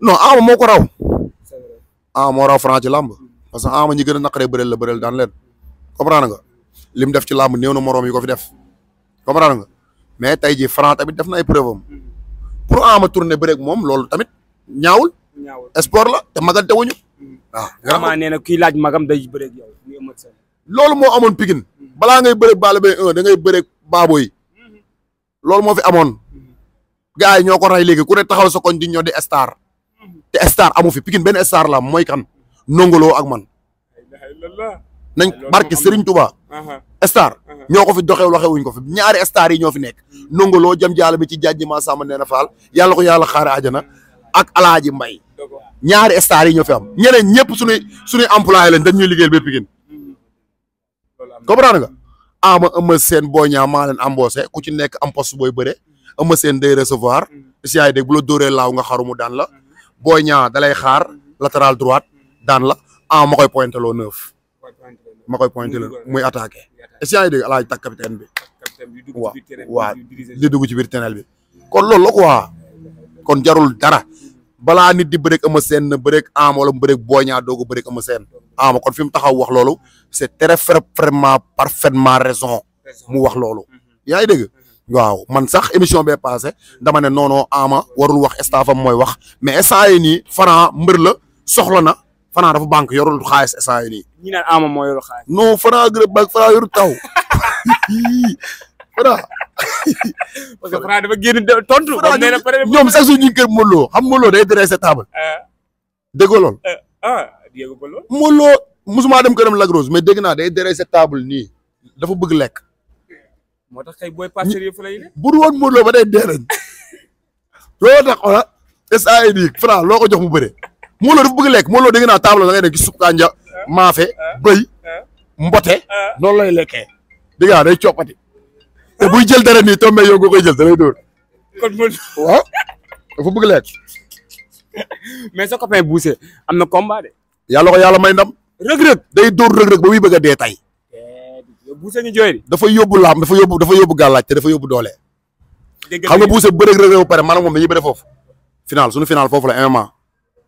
non Ama moo raw. Ama moo raw Franc lamb parce que Ama ñi gën a naqaree bëreel la bëreel daan leen nga lim def ci lamb néew na moroom yi ko fi def comprendre nga mais tey jii Franc tamit def na ay preuve am mm-hmm. pour Ama tourné bëreeg moom loolu tamit ñaawul. sport la te magante wuñu waaw mm. ah, vraiment nee na kii laaj magam day bëreeg yow loolu moo amoon pikin mm. balaa ngay bëreeg Balla Gaye 1 da ngay bëreeg baabo yi mm-hmm. loolu moo fi amoon mm-hmm. gars yi ñoo ko ray léegi ku ne taxaw sa koñ di ñoo di star mm-hmm. te estar amu fi Pikine ben star la mooy kan nongoloo ak man nañ barke Serigne Touba star ñoo ko fi doxee loxe wuñ ko fi ñaari star yi ñoo fi nekk mm. nongolo jëm jaala bi ci jaajëmaa ma nee na Fall yàlla ko yàlla xaare àjjana ak Alaaji Mbay ñaari stars yi ñoo fi am ñeneen ñëpp suñuy suñuy employé lañ dañ ñuy liggéeyal ba Pikine comprendre nga ama Eumeu Sène Boy Niang maa leen embauché ku ci nekk am booy bëre Eumeu Sène day recevoir mm-hmm. si yaay dégg bu la laaw nga xaru mu daan la mm-hmm. Boy Niang da xaar latéral droite mm-hmm. daan la ama ma koy pointé loo neuf ma koy pointé loo muy attaqué si yaay dégg alaaj tak capitaine bi waaw waaw di dugg ci biir tenel bi kon loolu la quoi kon jarul dara balaa nit di bëreeg Eumeu Sène na bëreeg Ama wala mu bëreeg Boy Niang doogu bëreeg Ama kon fi mu taxaw wax loolu c'est très vraiment parfaitement raison mu wax loolu yaa ngi dégg waaw man sax émission bee passé dama ne non non Ama warul wax estafam mooy wax mais instant yii nii Franc mbër la soxla na Franc dafa banque yorul xaalis instant yii nii. ñi naan Ama moo yorul taw. [LAUGHS] Franc [LAUGHS] parce que Franc dafa génn tontu. Franc ñoom sax suñu kër Modou Lo xam Modou Lo day dressé table. Ah. déggoo ah, ah, musuma dem këram Lagrosse mais dégg naa day dressé table nii dafa bëgg lekk. moo tax kay booy passé yëfu lay ne. ba day dee ren [LAUGHS] looloo tax on a SAED loo ko jox mu bëre Modou Lo dafa bëgg lekk Modou Lo dégg naa table da ngay nekk ci kanja maafe bëy mbote. loolu lay lekkee dégg naa coppati. te buy jël dara nii tombé yow nga koy jël da lay dóor. mais sa copain Boucher am na combat de. yàlla yàlla may ndam. day door rëg-rëg ba muy bëgg a dee tey. Boucher ñu jooy di. dafa yóbbu laam dafa yóbbu dafa yóbbu gàllaaj dafa yóbbu doole. xam nga Boucher bu bëreeg ba pare maanaam moom dañuy bëre foofu. final suñu final foofu la MMA.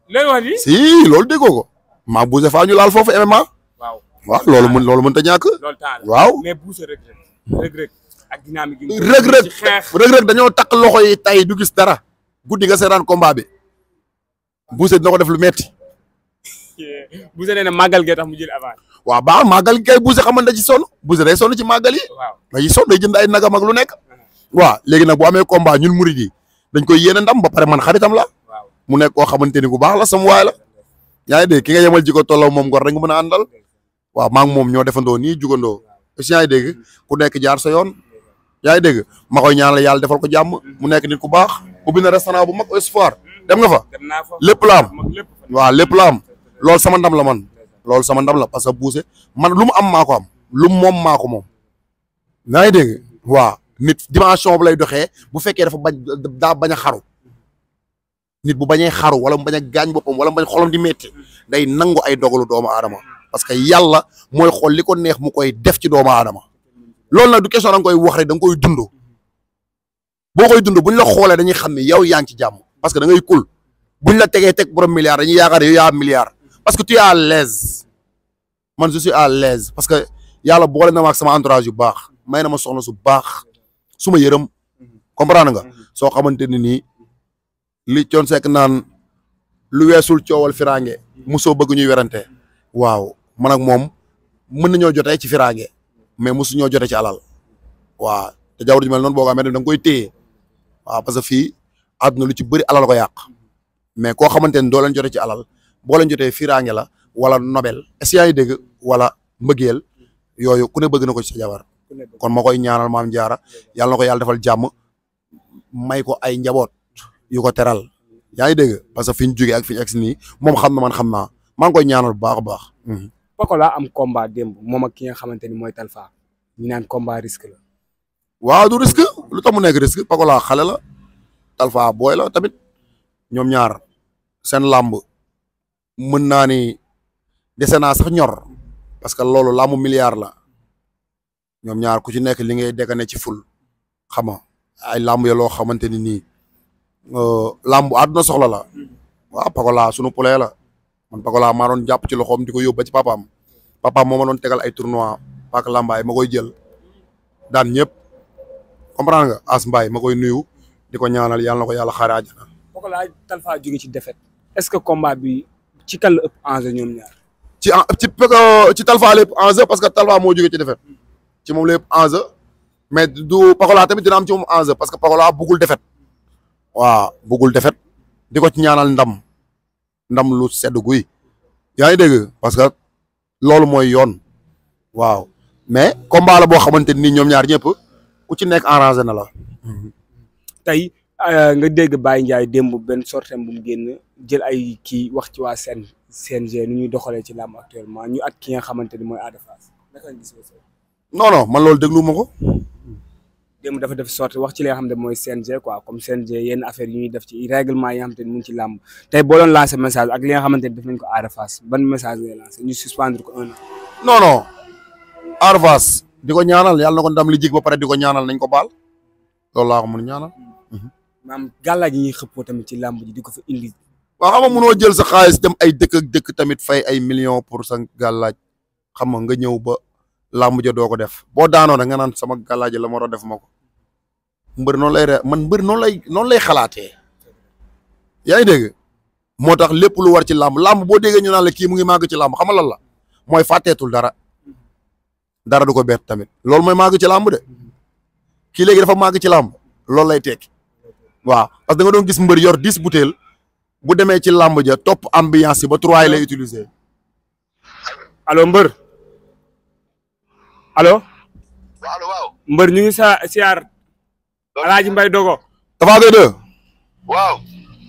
loolu wax ni. loolu déggoo ko maa Boucher faa ñu laal foofu MMA. waaw waaw loolu mun loolu mën ta ñàkk. waaw ak dynamique yi. rëg rëg rëg rëg dañoo takk loxo yi tay du gis dara guddi nga seetaan combat bi buuse dina ko def lu metti [LAUGHS] buuse nee na màggal gee tax mu jël avance. waaw baax màggal kay buuse xam da ci sonn buuse day sonn ci màggal yi. waaw day sonn day jënd ay nagam ak lu nekk. Uh-huh. waaw léegi nag bu amee combat ñun murid yi dañ koy yéene ndam ba pare man xaritam la. mu nekk koo xamante ni bu baax la sama waay la. yaa ngi dégg ki nga yemal ji ko tolloo moom ngor rek nga mën a àndal waaw maa moom ñoo defandoo nii jugandoo aussi yaa ngi dégg mm-hmm. ku nekk jaar sa yoon yaa ngi dégg ma koy ñaanal yàlla defal ko jàmm mu nekk nit ku baax ubbi na restaurant bu mag espoir dem nga fa lépp la am waaw lépp la am loolu sama ndam la man loolu sama ndam la parce que buuse man lu mu am maa ko am lu mu moom maako ko moom yaa ngi dégg waaw nit dimension bu lay doxee bu fekkee dafa bañ daa bañ a xaru nit bu bañee xaru wala mu bañ a gaañ boppam wala mu bañ xolam di metti day nangu ay dogalu doomu aadama parce que yàlla mooy xool li ko neex mu koy def ci doomu aadama loolu nag du question koy waxre rek koy dundo boo koy dund buñ la xoolee dañuy xam ne yow yaa ngi ci jàmm parce que da ngay kul buñ la tegee teg borom milliard dañuy yaakaar yow yaa milliard parce que tu es à man je suis à l'aise parce que yàlla boole na ma ak sama entourage yu baax may na ma soxna su baax suma ma yërëm comprendre nga soo xamante ni nii li coon sekk naan lu weesul coowal firaange mosoo bëgg ñuy werante waaw man ak moom mën nañoo jotee ci firaange mais mosu ñoo jote ci alal waaw te jaww ji mel noonu boo ko amee da nga koy téye waaw parce que fii àdduna lu ci bëri alal ko yàq mais koo xamante ni doo leen jote ci alal boo leen jotee fiiraange la wala nobel est-ce que yaa ngi dégg wala mbëggeel yooyu ku ne bëgg na ko ci sa jabar kon ma koy ñaanal maam jaara yàlla na ko yàlla defal jàmm may ko ay njaboot yu ko teral yaa ngi dégg parce que fi ñu jógee ak fi ñu moom xam na man xam naa maa ngi koy ñaanal bu baax a baax. Mhm. Pokola am combat démb moom ak ki nga xamante ni mooy Talfa ñu risque la. waaw du lu tax mu nekk risque Pokola xale la Talfa booy la tamit ñoom ñaar seen làmb mën naa ni dese naa sax ñor parce que loolu làmb milliard la ñoom ñaar ku ci nekk li ngay dégg ci ful xam nga ay làmb ya loo xamante ni nii euh, làmb àdduna soxla la mm-hmm. waaw Pokola sunu poulet man Pakola maa doon jàpp ci loxoom di ko yóbbu ba ci papaam papaam moo ma doon tegal ay tournoi Paka Lambaay ma koy jël daan ñëpp comprendre nga As Mbaye ma koy nuyu di ko ñaanal yàlla na ko yàlla xaaree àjjana. Pakola Talfa jóge ci défaite est-ce que combat bi ci kan la ëpp ci ci ci Talfa la ëpp parce que Talfa moo jóge ci défaite ci moom la ëpp enjeu mais du Pakola tamit dina am ci moom enjeu parce que Pakola bëggul défaite waaw bëggul defet di ko ñaanal ndam. ndam lu sedd guy yaa ngi dégg parce que loolu mooy yoon waaw mais combat bala boo xamante ni ñoom ñaar ñëpp ku ci nekk arrangé na la. tey euh, nga dégg Baye Ndiaye démb benn sortem bu mu génn jël ay kii wax ci waa seen CNG ni ñuy doxalee ci làmb actuellement ñu at ki nga xamante ni mooy Ada Fass man loolu déglu ko. démb dafa def sorte wax ci li nga xam ne mooy CNG quoi comme CNG yenn affaire yu ñuy def ci règlement yi nga xam te ne mu ngi ci làmb tey boo doon lancé message ak li def nañ ko Ada Fass ban message ngay lancé ñu suspendre ko un ñaanal yàlla na ko ndam li jig ba pare di ko ñaanal nañ ko baal loolu laa ko mën ñaanal. Mhm. maam gàllaaj yi ñuy xëppoo tamit ci làmb ji di ko fa indi. waaw xam nga jël sa xaalis dem ay dëkk ak dëkk tamit fay ay milion pour sa gàllaaj xam nga nga ñëw ba làmb ja doo ko def boo daanoo da nga naan sama gàllaaj la ma def ma ko mbër noonu lay man mbër noonu lay noonu lay xalaatee yaa ngi dégg moo tax lépp lu war ci làmb làmb boo déggee ñu naan la kii mu ngi màgg ci làmb xam nga lan la mooy fàtteetul dara dara du ko bett tamit loolu mooy màgg ci làmb de kii léegi dafa màgg ci làmb loolu lay tekki waaw parce que nga doon gis mbër yor dix bouteilles bu demee ci làmb ja topp ambiance yi ba trois yi lay utiliser. allo mbër alo waaw mbër ñu ngi saa Alaaji Mbay Dogo. Tapha Gueye 2. waaw.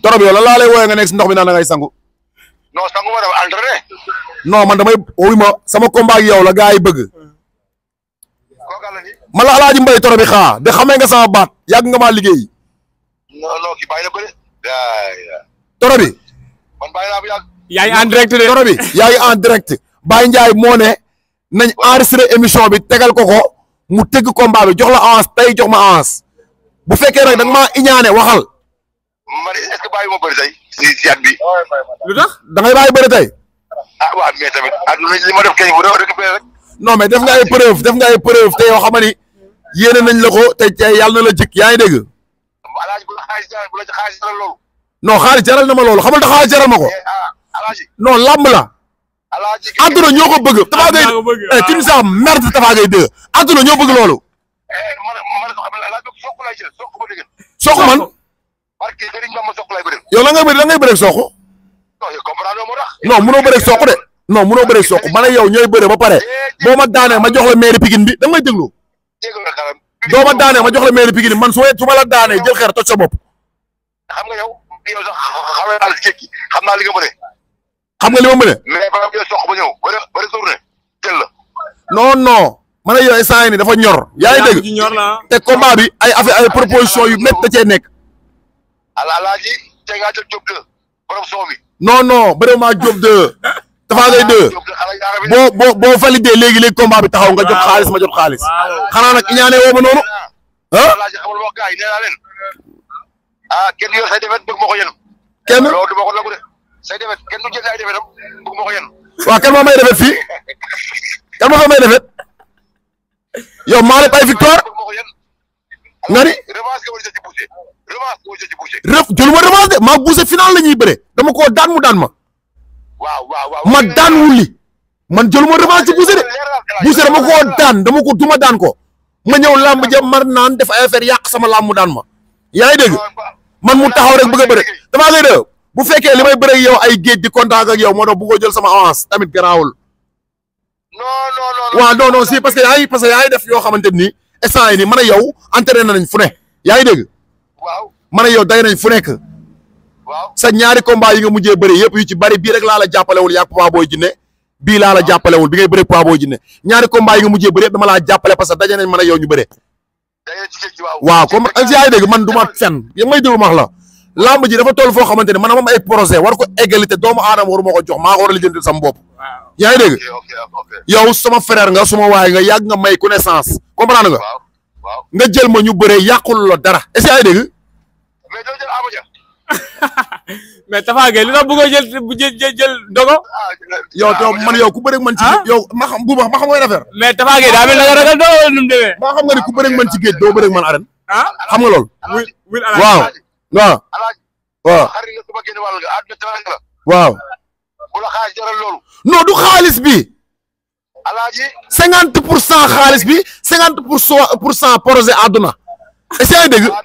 torop yow lan laa lay wooyee nga nekk ndox mi naan da ngay sangu. non sangu ma dafa entraîné. non man damay wuy ma sama combat ak yow la gars yi bëgg. man la Alaaji Mbay torop yi de xamee nga sama baat yàgg nga ma liggéey. non non en direct de. torop yi en direct. Baye Ndiaye moo ne nañ enregistré émission bi tegal ko ko mu tëgg combat bi jox la avance tey jox ma avance. bu fekkee nag da nga i ñaane waxal. man est-ce que bàyyi ma bëri tey si si at bi. lu da ngay bàyyi ah, tamit àdduna ah, li ma def kay bu rek. non mais def nga ay preuve def nga ay preuve te yoo xam ne yéene nañ la ko te yàlla na la jëkk yaa ngi dégg. alaaji bu la xaalis jaral bu loolu. na ma loolu xamal da xaalis jaral ma ko. Eh, ah, non làmb la. alaaji àdduna ñoo ko bëgg. Tapha Gueye Timza merde Tapha Gueye ñoo bëgg loolu. Eh, man ko xamal la soq lay jël soq ba man barke sëriñ Bamba soq lay bëri yow la ngay bëri la ngay bëri soq non yow comprendre moo tax non mënoo bëri soq de non mënoo bëri soq man ak yow ñooy bëri ba pare eh, boo ma daanee ma jox la mairie Pikine bi da nga may déglu doo ma daanee ma jox la mairie Pikine man su ma su ma la daanee jël xeer toj sa bopp xam nga yow yow sax xam xam naa li nga xam nga li ma mëne mais ba yow soq ba la non non ma ne yooyu saa ni dafa ñor. yaa ngi dégg te combat bi ay proposition yu métti da cee nekk. alaaji tey ngaa jël non non vraiment Diop 2. [LAUGHS] Tapha Gueye 2 boo boo boo validé léegi léegi combat bi taxaw nga jot xaalis ma jot xaalis. xanaa nag ñaanee woo ma noonu. ah alaaji xamul wax ah, kenn yor say defet bëgg ma ko defet kenn du ma ko may defet. [LAUGHS] yow maa lépp ay victoire nga ni ref de maa Boucher final la ñuy bëre dama koo daan mu daan ma ma daan wulli man jëluma revanche ci Boucher de dama koo daan dama ko duma daan ko ma ñëw làmb ja mar naan def ay affaire yàq sama làmb mu daan ma yaa ngi dégg man mu taxaw rek bëgg a bëre damaa lay bu fekkee li may bëre yow ay géej di kontaan ak yow moo bu bëggoo jël sama avance tamit garaawul waa non non si parce que yaay parce que def yoo xamante ni instant yi nii man a yow entraîné nañ fu ne yaa a yow day nañ fu nekk. waaw sa ñaari combat yi nga mujjee bëri yëpp yu ci bëri rek laa la jàppalewul yaa Papa Boy Djiné bii laa la jàppalewul bi ngay bëri Papa Boy Djiné ñaari combat yi nga mujjee bëri yëpp dama laa jàppale parce que daje nañ man a yow ñu bëre. waaw comme yaa ngi dégg man du ma fen yéen may déglu ma wax la lamb ji dafa toll foo xamante ne man am projet war ko égalité jox maa ko war sama bopp yaa ngi dégg yow sama frère nga suma waay nga yàgg nga may connaissance comprendre nga. nga jël ma ñu bëree yàqul la dara est-ce que yaa ngi dégg. mais [LAUGHS] Tafa Gueye li nga a jël jël jël dogo. Ah, yow to ah, man yow ku bëreeg man ci ah? yow ma xam bu ma ma xam nga affaire. mais Tafa Gueye daa mel nga ragal dogo nu mu xam nga ni ku bëreeg man ci géej doo bëreeg man arène. ah xam nga lool waaw waaw. waaw. bu la xaalis jaral loolu. non du xaalis bi. alaaji. cinquante pour cent xaalis bi cinquante pour cent pour cent projet àdduna. est-ce que yaa ngi dégg ah,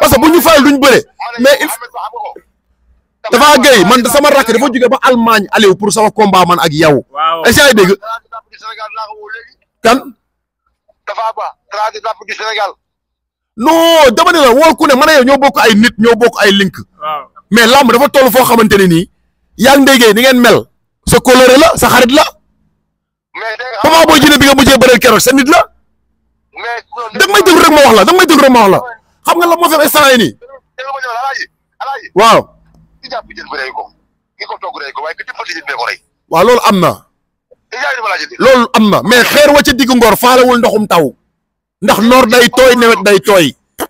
parce que bu ñu fayal duñ bëre mais il dafa gay man sama rakk dafa jóge ba Allemagne Aliou pour sama combat man ak yow. waaw est-ce que yaa ngi dégg. kan. dafa ba traité dàpp du Sénégal. non dama ne la wóor ku ne man a yow ñoo bokk ay nit ñoo bokk ay link. mais làmb dafa toll foo xamante ne nii. yaa ngi déggee ngeen mel sa coloré la sa xarit la Papa Boy Djiné bi nga mujjee bëreel keroog sa nit la da nga may déglu rek ma wax la da nga may déglu rek ma wax la xam nga la moo fi instant yii nii waaw. waaw loolu am na. loolu am na mais xeer wa ca diggu ngor faalewul ndoxum taw ndax noor day tooy nawet day tooy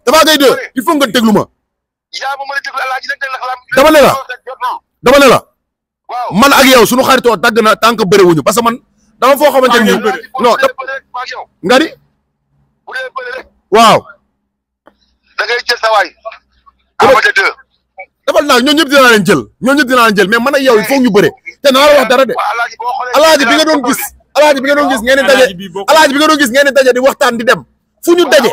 damaa ngay de il faut nga déglu ma. dama ne la dama ne la. man ak yow suñu xaritoo dagg na tant que bëre wuñu parce que man dama foo xamante ni non nga di waaw da ngay jël sa waay dafal naa ñoo ñëpp dinaa leen jël ñoo ñëpp dinaa leen jël mais man ak yow il ñu bëre te naa la wax dara de alaaji bi nga doon gis alaaji bi nga doon gis ngeen di daje alaaji bi nga doon gis ngeen di daje di waxtaan dem fu ñu daje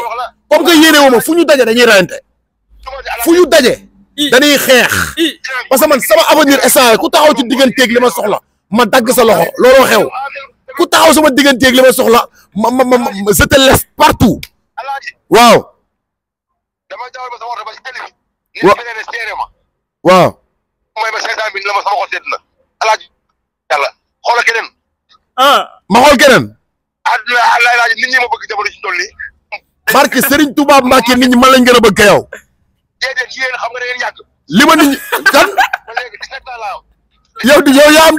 comme que yéene wu ma fu ñu daje dañuy rayante fu ñu daje dañuy xeex parce sama man sama avenir instant ku taxaw ci diggan li ma soxla ma dagg sa loxo looloo xew ku taxaw sama digganteeg li ma soxla ma ma ma je te laisse partout waaw. waaw. ah ma xool keneen. barke Serigne Touba Mbacke nit ñi man lañ gën a bëgg yow. déedéet yéen kan. [LAUGHS] ba léegi 17 ans laa am. di yow yaa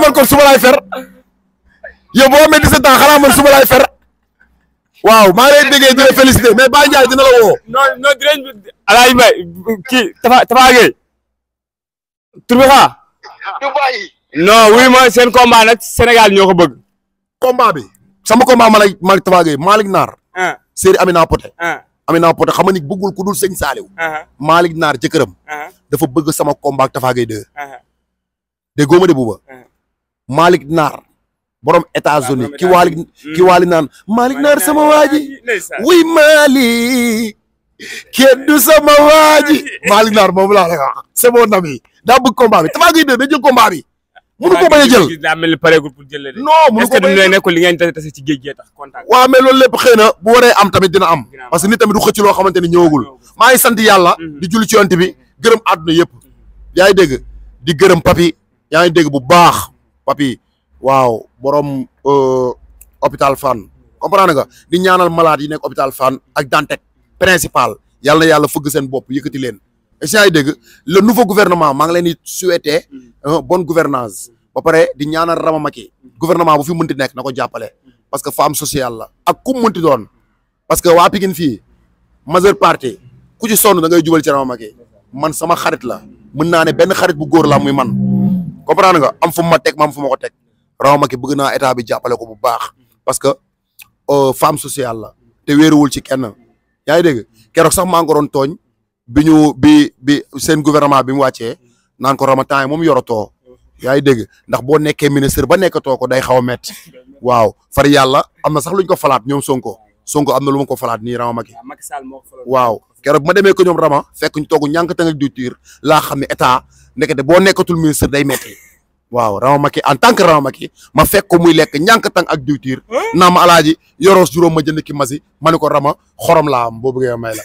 man kon suba laay fer. boo amee 17 ans xanaa man suba laay fer. waaw maa dina félicité mais Baye Ndiaye dina la woo. non non dinañ Alaaji Mbaye kii Tafa Tafa Gueye. tur bi xaa. du bàyyi. non Sénégal ñoo ko bëgg. combat bi sama combat man ak Malick Naar. Ah. séeri Amina Poté ah. Amina Poté xam nga ni bëggul ku dul sëñ Saaliw ah. Malick Naar jëkkëram dafa bëgg sama combat ak Tafa Gueye 2 dégg nga ma de buuba Malick Naar borom États-Unis ki waali ki hmm. waali naan Malick Naar sama waaji wuy [LAUGHS] Malick kenn sama waaji Malick Naar moom laa lay wax c'est daa bëgg combat bi Tafa Gueye 2 da mënu ko bañ a jël daa mel ni pareegul pour jël nekk li ngeen tase ci géej gee tax contact. waaw mais loolu lépp xëy bu waree am tamit dina am. parce que nit tamit du xëcc loo xamante ni ñëwagul. maa ngi sant yàlla. Mm-hmm. di julli ci yonent gërëm àdduna yëpp. yaa ngi dégg di gërëm papi yaa ngi dégg bu baax papi waaw borom euh, hôpital fan comprendre nga di ñaanal malade yi nekk hôpital Fann ak Dantec principal yalla yàlla fëgg seen bopp yëkkati leen. si ay dégg le nouveau gouvernement maa ngi leen di souhaiter mm. euh, bonne gouvernance ba pare di ñaanal Rama Macky mm. gouvernement bu fi mënti nekk na ko jàppale parce que femme sociale la ak ku mënti doon parce que waa Pikine fii majeure partie ku ci sonn da ngay jubal ci Rama Macky man sama xarit la mën naa ne benn xarit bu góor la muy man comprendre nga am fu ma teg ma am fu ma ko teg Rama Macky bëgg naa état bi jàppale ko bu baax parce que euh, femme sociale la te wéeruwul ci kenn yaa ngi dégg keroog sax maa ngi bi ñu bi bi seen gouvernement bi mu wàccee naan ko ramataan yi moom yoratoo yaa ngi dégg ndax boo nekkee ministre ba nekkatoo ko day xaw a métti waaw far yàlla am na sax luñ ko falaat ñoom Sonko Sonko am na lu ma ko falaat nii Rama Macky waaw kero bu ma demee ko ñoom Rama fekk ñu toog ñànk tàng ak duture laa xam ne état ndekete boo nekkatul ministre day métti waaw Rama Macky en tant que Rama Macky ma fekk muy lekk ñànk tàng ak duture naa ma alaaji yoroos juróom ma jënd ki masi ma ne ko Rama xorom laa am boo bëggee may [LAUGHS]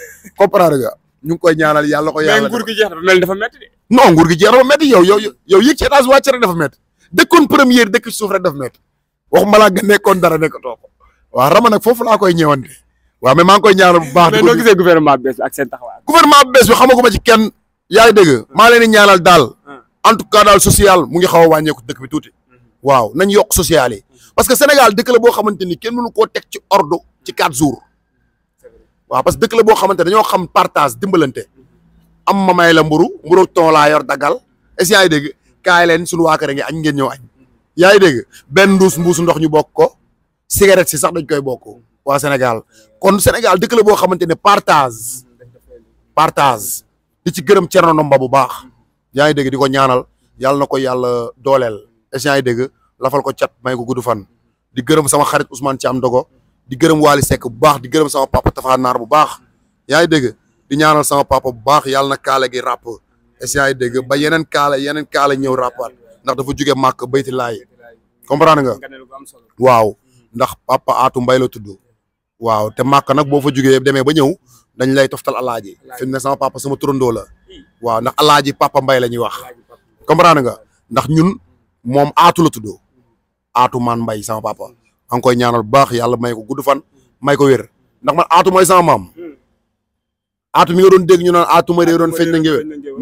ñu ngi koy ñaanal yàlla ko yàlla. mais nguur gi dafa métti de. non nguur gi jeex dafa métti yow yow yow yëg ci étage wàcc rek dafa métti dëkkoon première dëkk ci suuf rek dafa métti waxuma laa nga nekkoon dara nekkatoo waa waaw rama nag foofu laa koy ñëwante waaw mais maa ngi koy ñaanal bu baax. mais noo gisee gouvernement bees bi ak seen taxawaay. gouvernement ci kenn yaa ngi dégg hmm. maa leen di ñaanal daal hmm. en tout cas daal social mu ngi xaw a wàññeeku dëkk bi tuuti hmm. waaw nañ yokk social yi parce que Sénégal dëkk la boo xamante ni kenn mënu koo teg ci ordre ci quatre jours waaw parce que dëkk la boo xamante dañoo xam partage dimbalante am ma may la mburu mburu ton laa yor daggal est-ce leen suñu waa gi añ ngeen ñëw añ yaa ngi dégg benn nduus mbuusu ndox ñu bokk ko cigarette si sax dañ koy bokk waa Sénégal kon Sénégal dëkk boo xamante ne partage partage di ci gërëm Thierno mba bu baax yaa ngi dégg di ko ñaanal yàlla na ko yàlla dooleel est-ce yaa dégg lafal ko cat may ko gudd fan di gërëm sama xarit Ousmane Thiam Dogo di gërëm Waly sek bu baax di gërëm sama papa Tafa Naar bu baax yaa ngi dégg di ñaanal sama papa bu baax yàlla na kaala gi ràpp est yaa ngi dégg ba yeneen kaala yeneen kaala ñëw ràppaat ndax dafa jóge màkk bayti laay comprendre nga waaw ndax papa atu Mbay la tudd waaw te màkk nag boo fa jógee demee ba ñëw dañ lay toftal alaaji fi mu ne sama papa sama turandoo la waaw ndax alaaji papa Mbay la ñuy wax comprendre nga ndax ñun moom aatu la tudd man mbay sama papa maa ñaanal bu baax yàlla may ko gudd fan may ko wér ndax man aatu mooy sama maam aatu hmm. mi nga doon dégg ñu naan aatu ma doon feeñ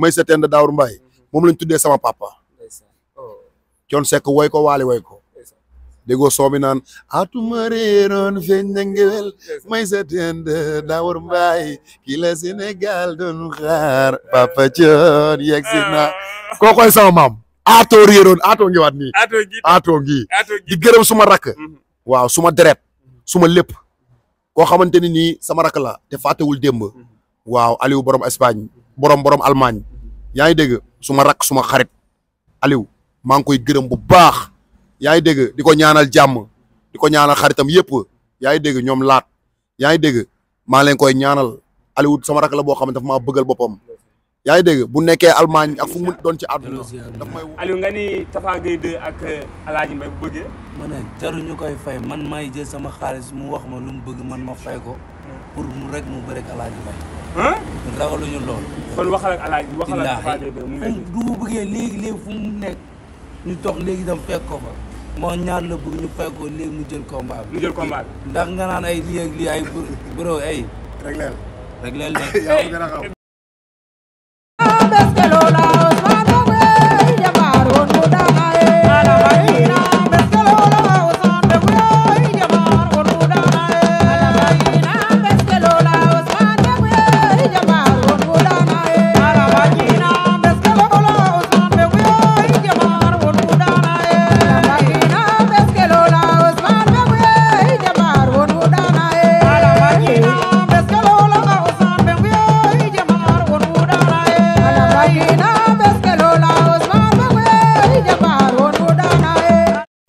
may sa tend daawur mbaay hmm. moom lañ tuddee sama papa coon oh. sekk woy ko waali woy ko déggoo naan aatu ma réeroon feeñ may sa tend daawur mbaay ki Sénégal doon xaar papa coon yegg si na ah. koo koy sama maam aatoo réeroon aatoo ngiwaat nii aatoo di gërëm suma rakk hmm. waaw suma deret suma ma lépp koo xamante ni nii sama rak la te fàttewul démb waaw Aliou borom Espagne borom borom Allemagne yaa ngi dégg su ma rak su ma xarit Aliou maa ngi koy gërëm bu baax yaa ngi dégg di ko ñaanal jàmm di ko ñaanal xaritam yëpp yaa ngi dégg ñoom laat yaa ngi dégg maa ngi koy ñaanal Aliou sama rak la boo xam ne dafa maa bëggal boppam yaa ngi dégg bu nekkee Allemagne ak fu mu doon ci àdduna daf may Aliou nga ni Tafa Gueye 2 ak euh, Alaaji Mbaye bu bëggee ma ne jaru ñu koy fay man may jël sama xaalis mu wax ma lu mu bëgg man ma fay ko pour mu rek mu bëreeg Alaaji Mbaye ragaluñu loolu kon waxal ak Alaaji waxal ak Tafa du mu bëggee léegi léegi fu mu nekk ñu toog léegi dem fekk ko fa moo ñaar la bëgg ñu fay ko léegi mu jël combat bi mu ndax nga naan ay lii ak lii ay bro ay rek leel rek Bésquelo la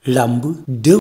làmb 2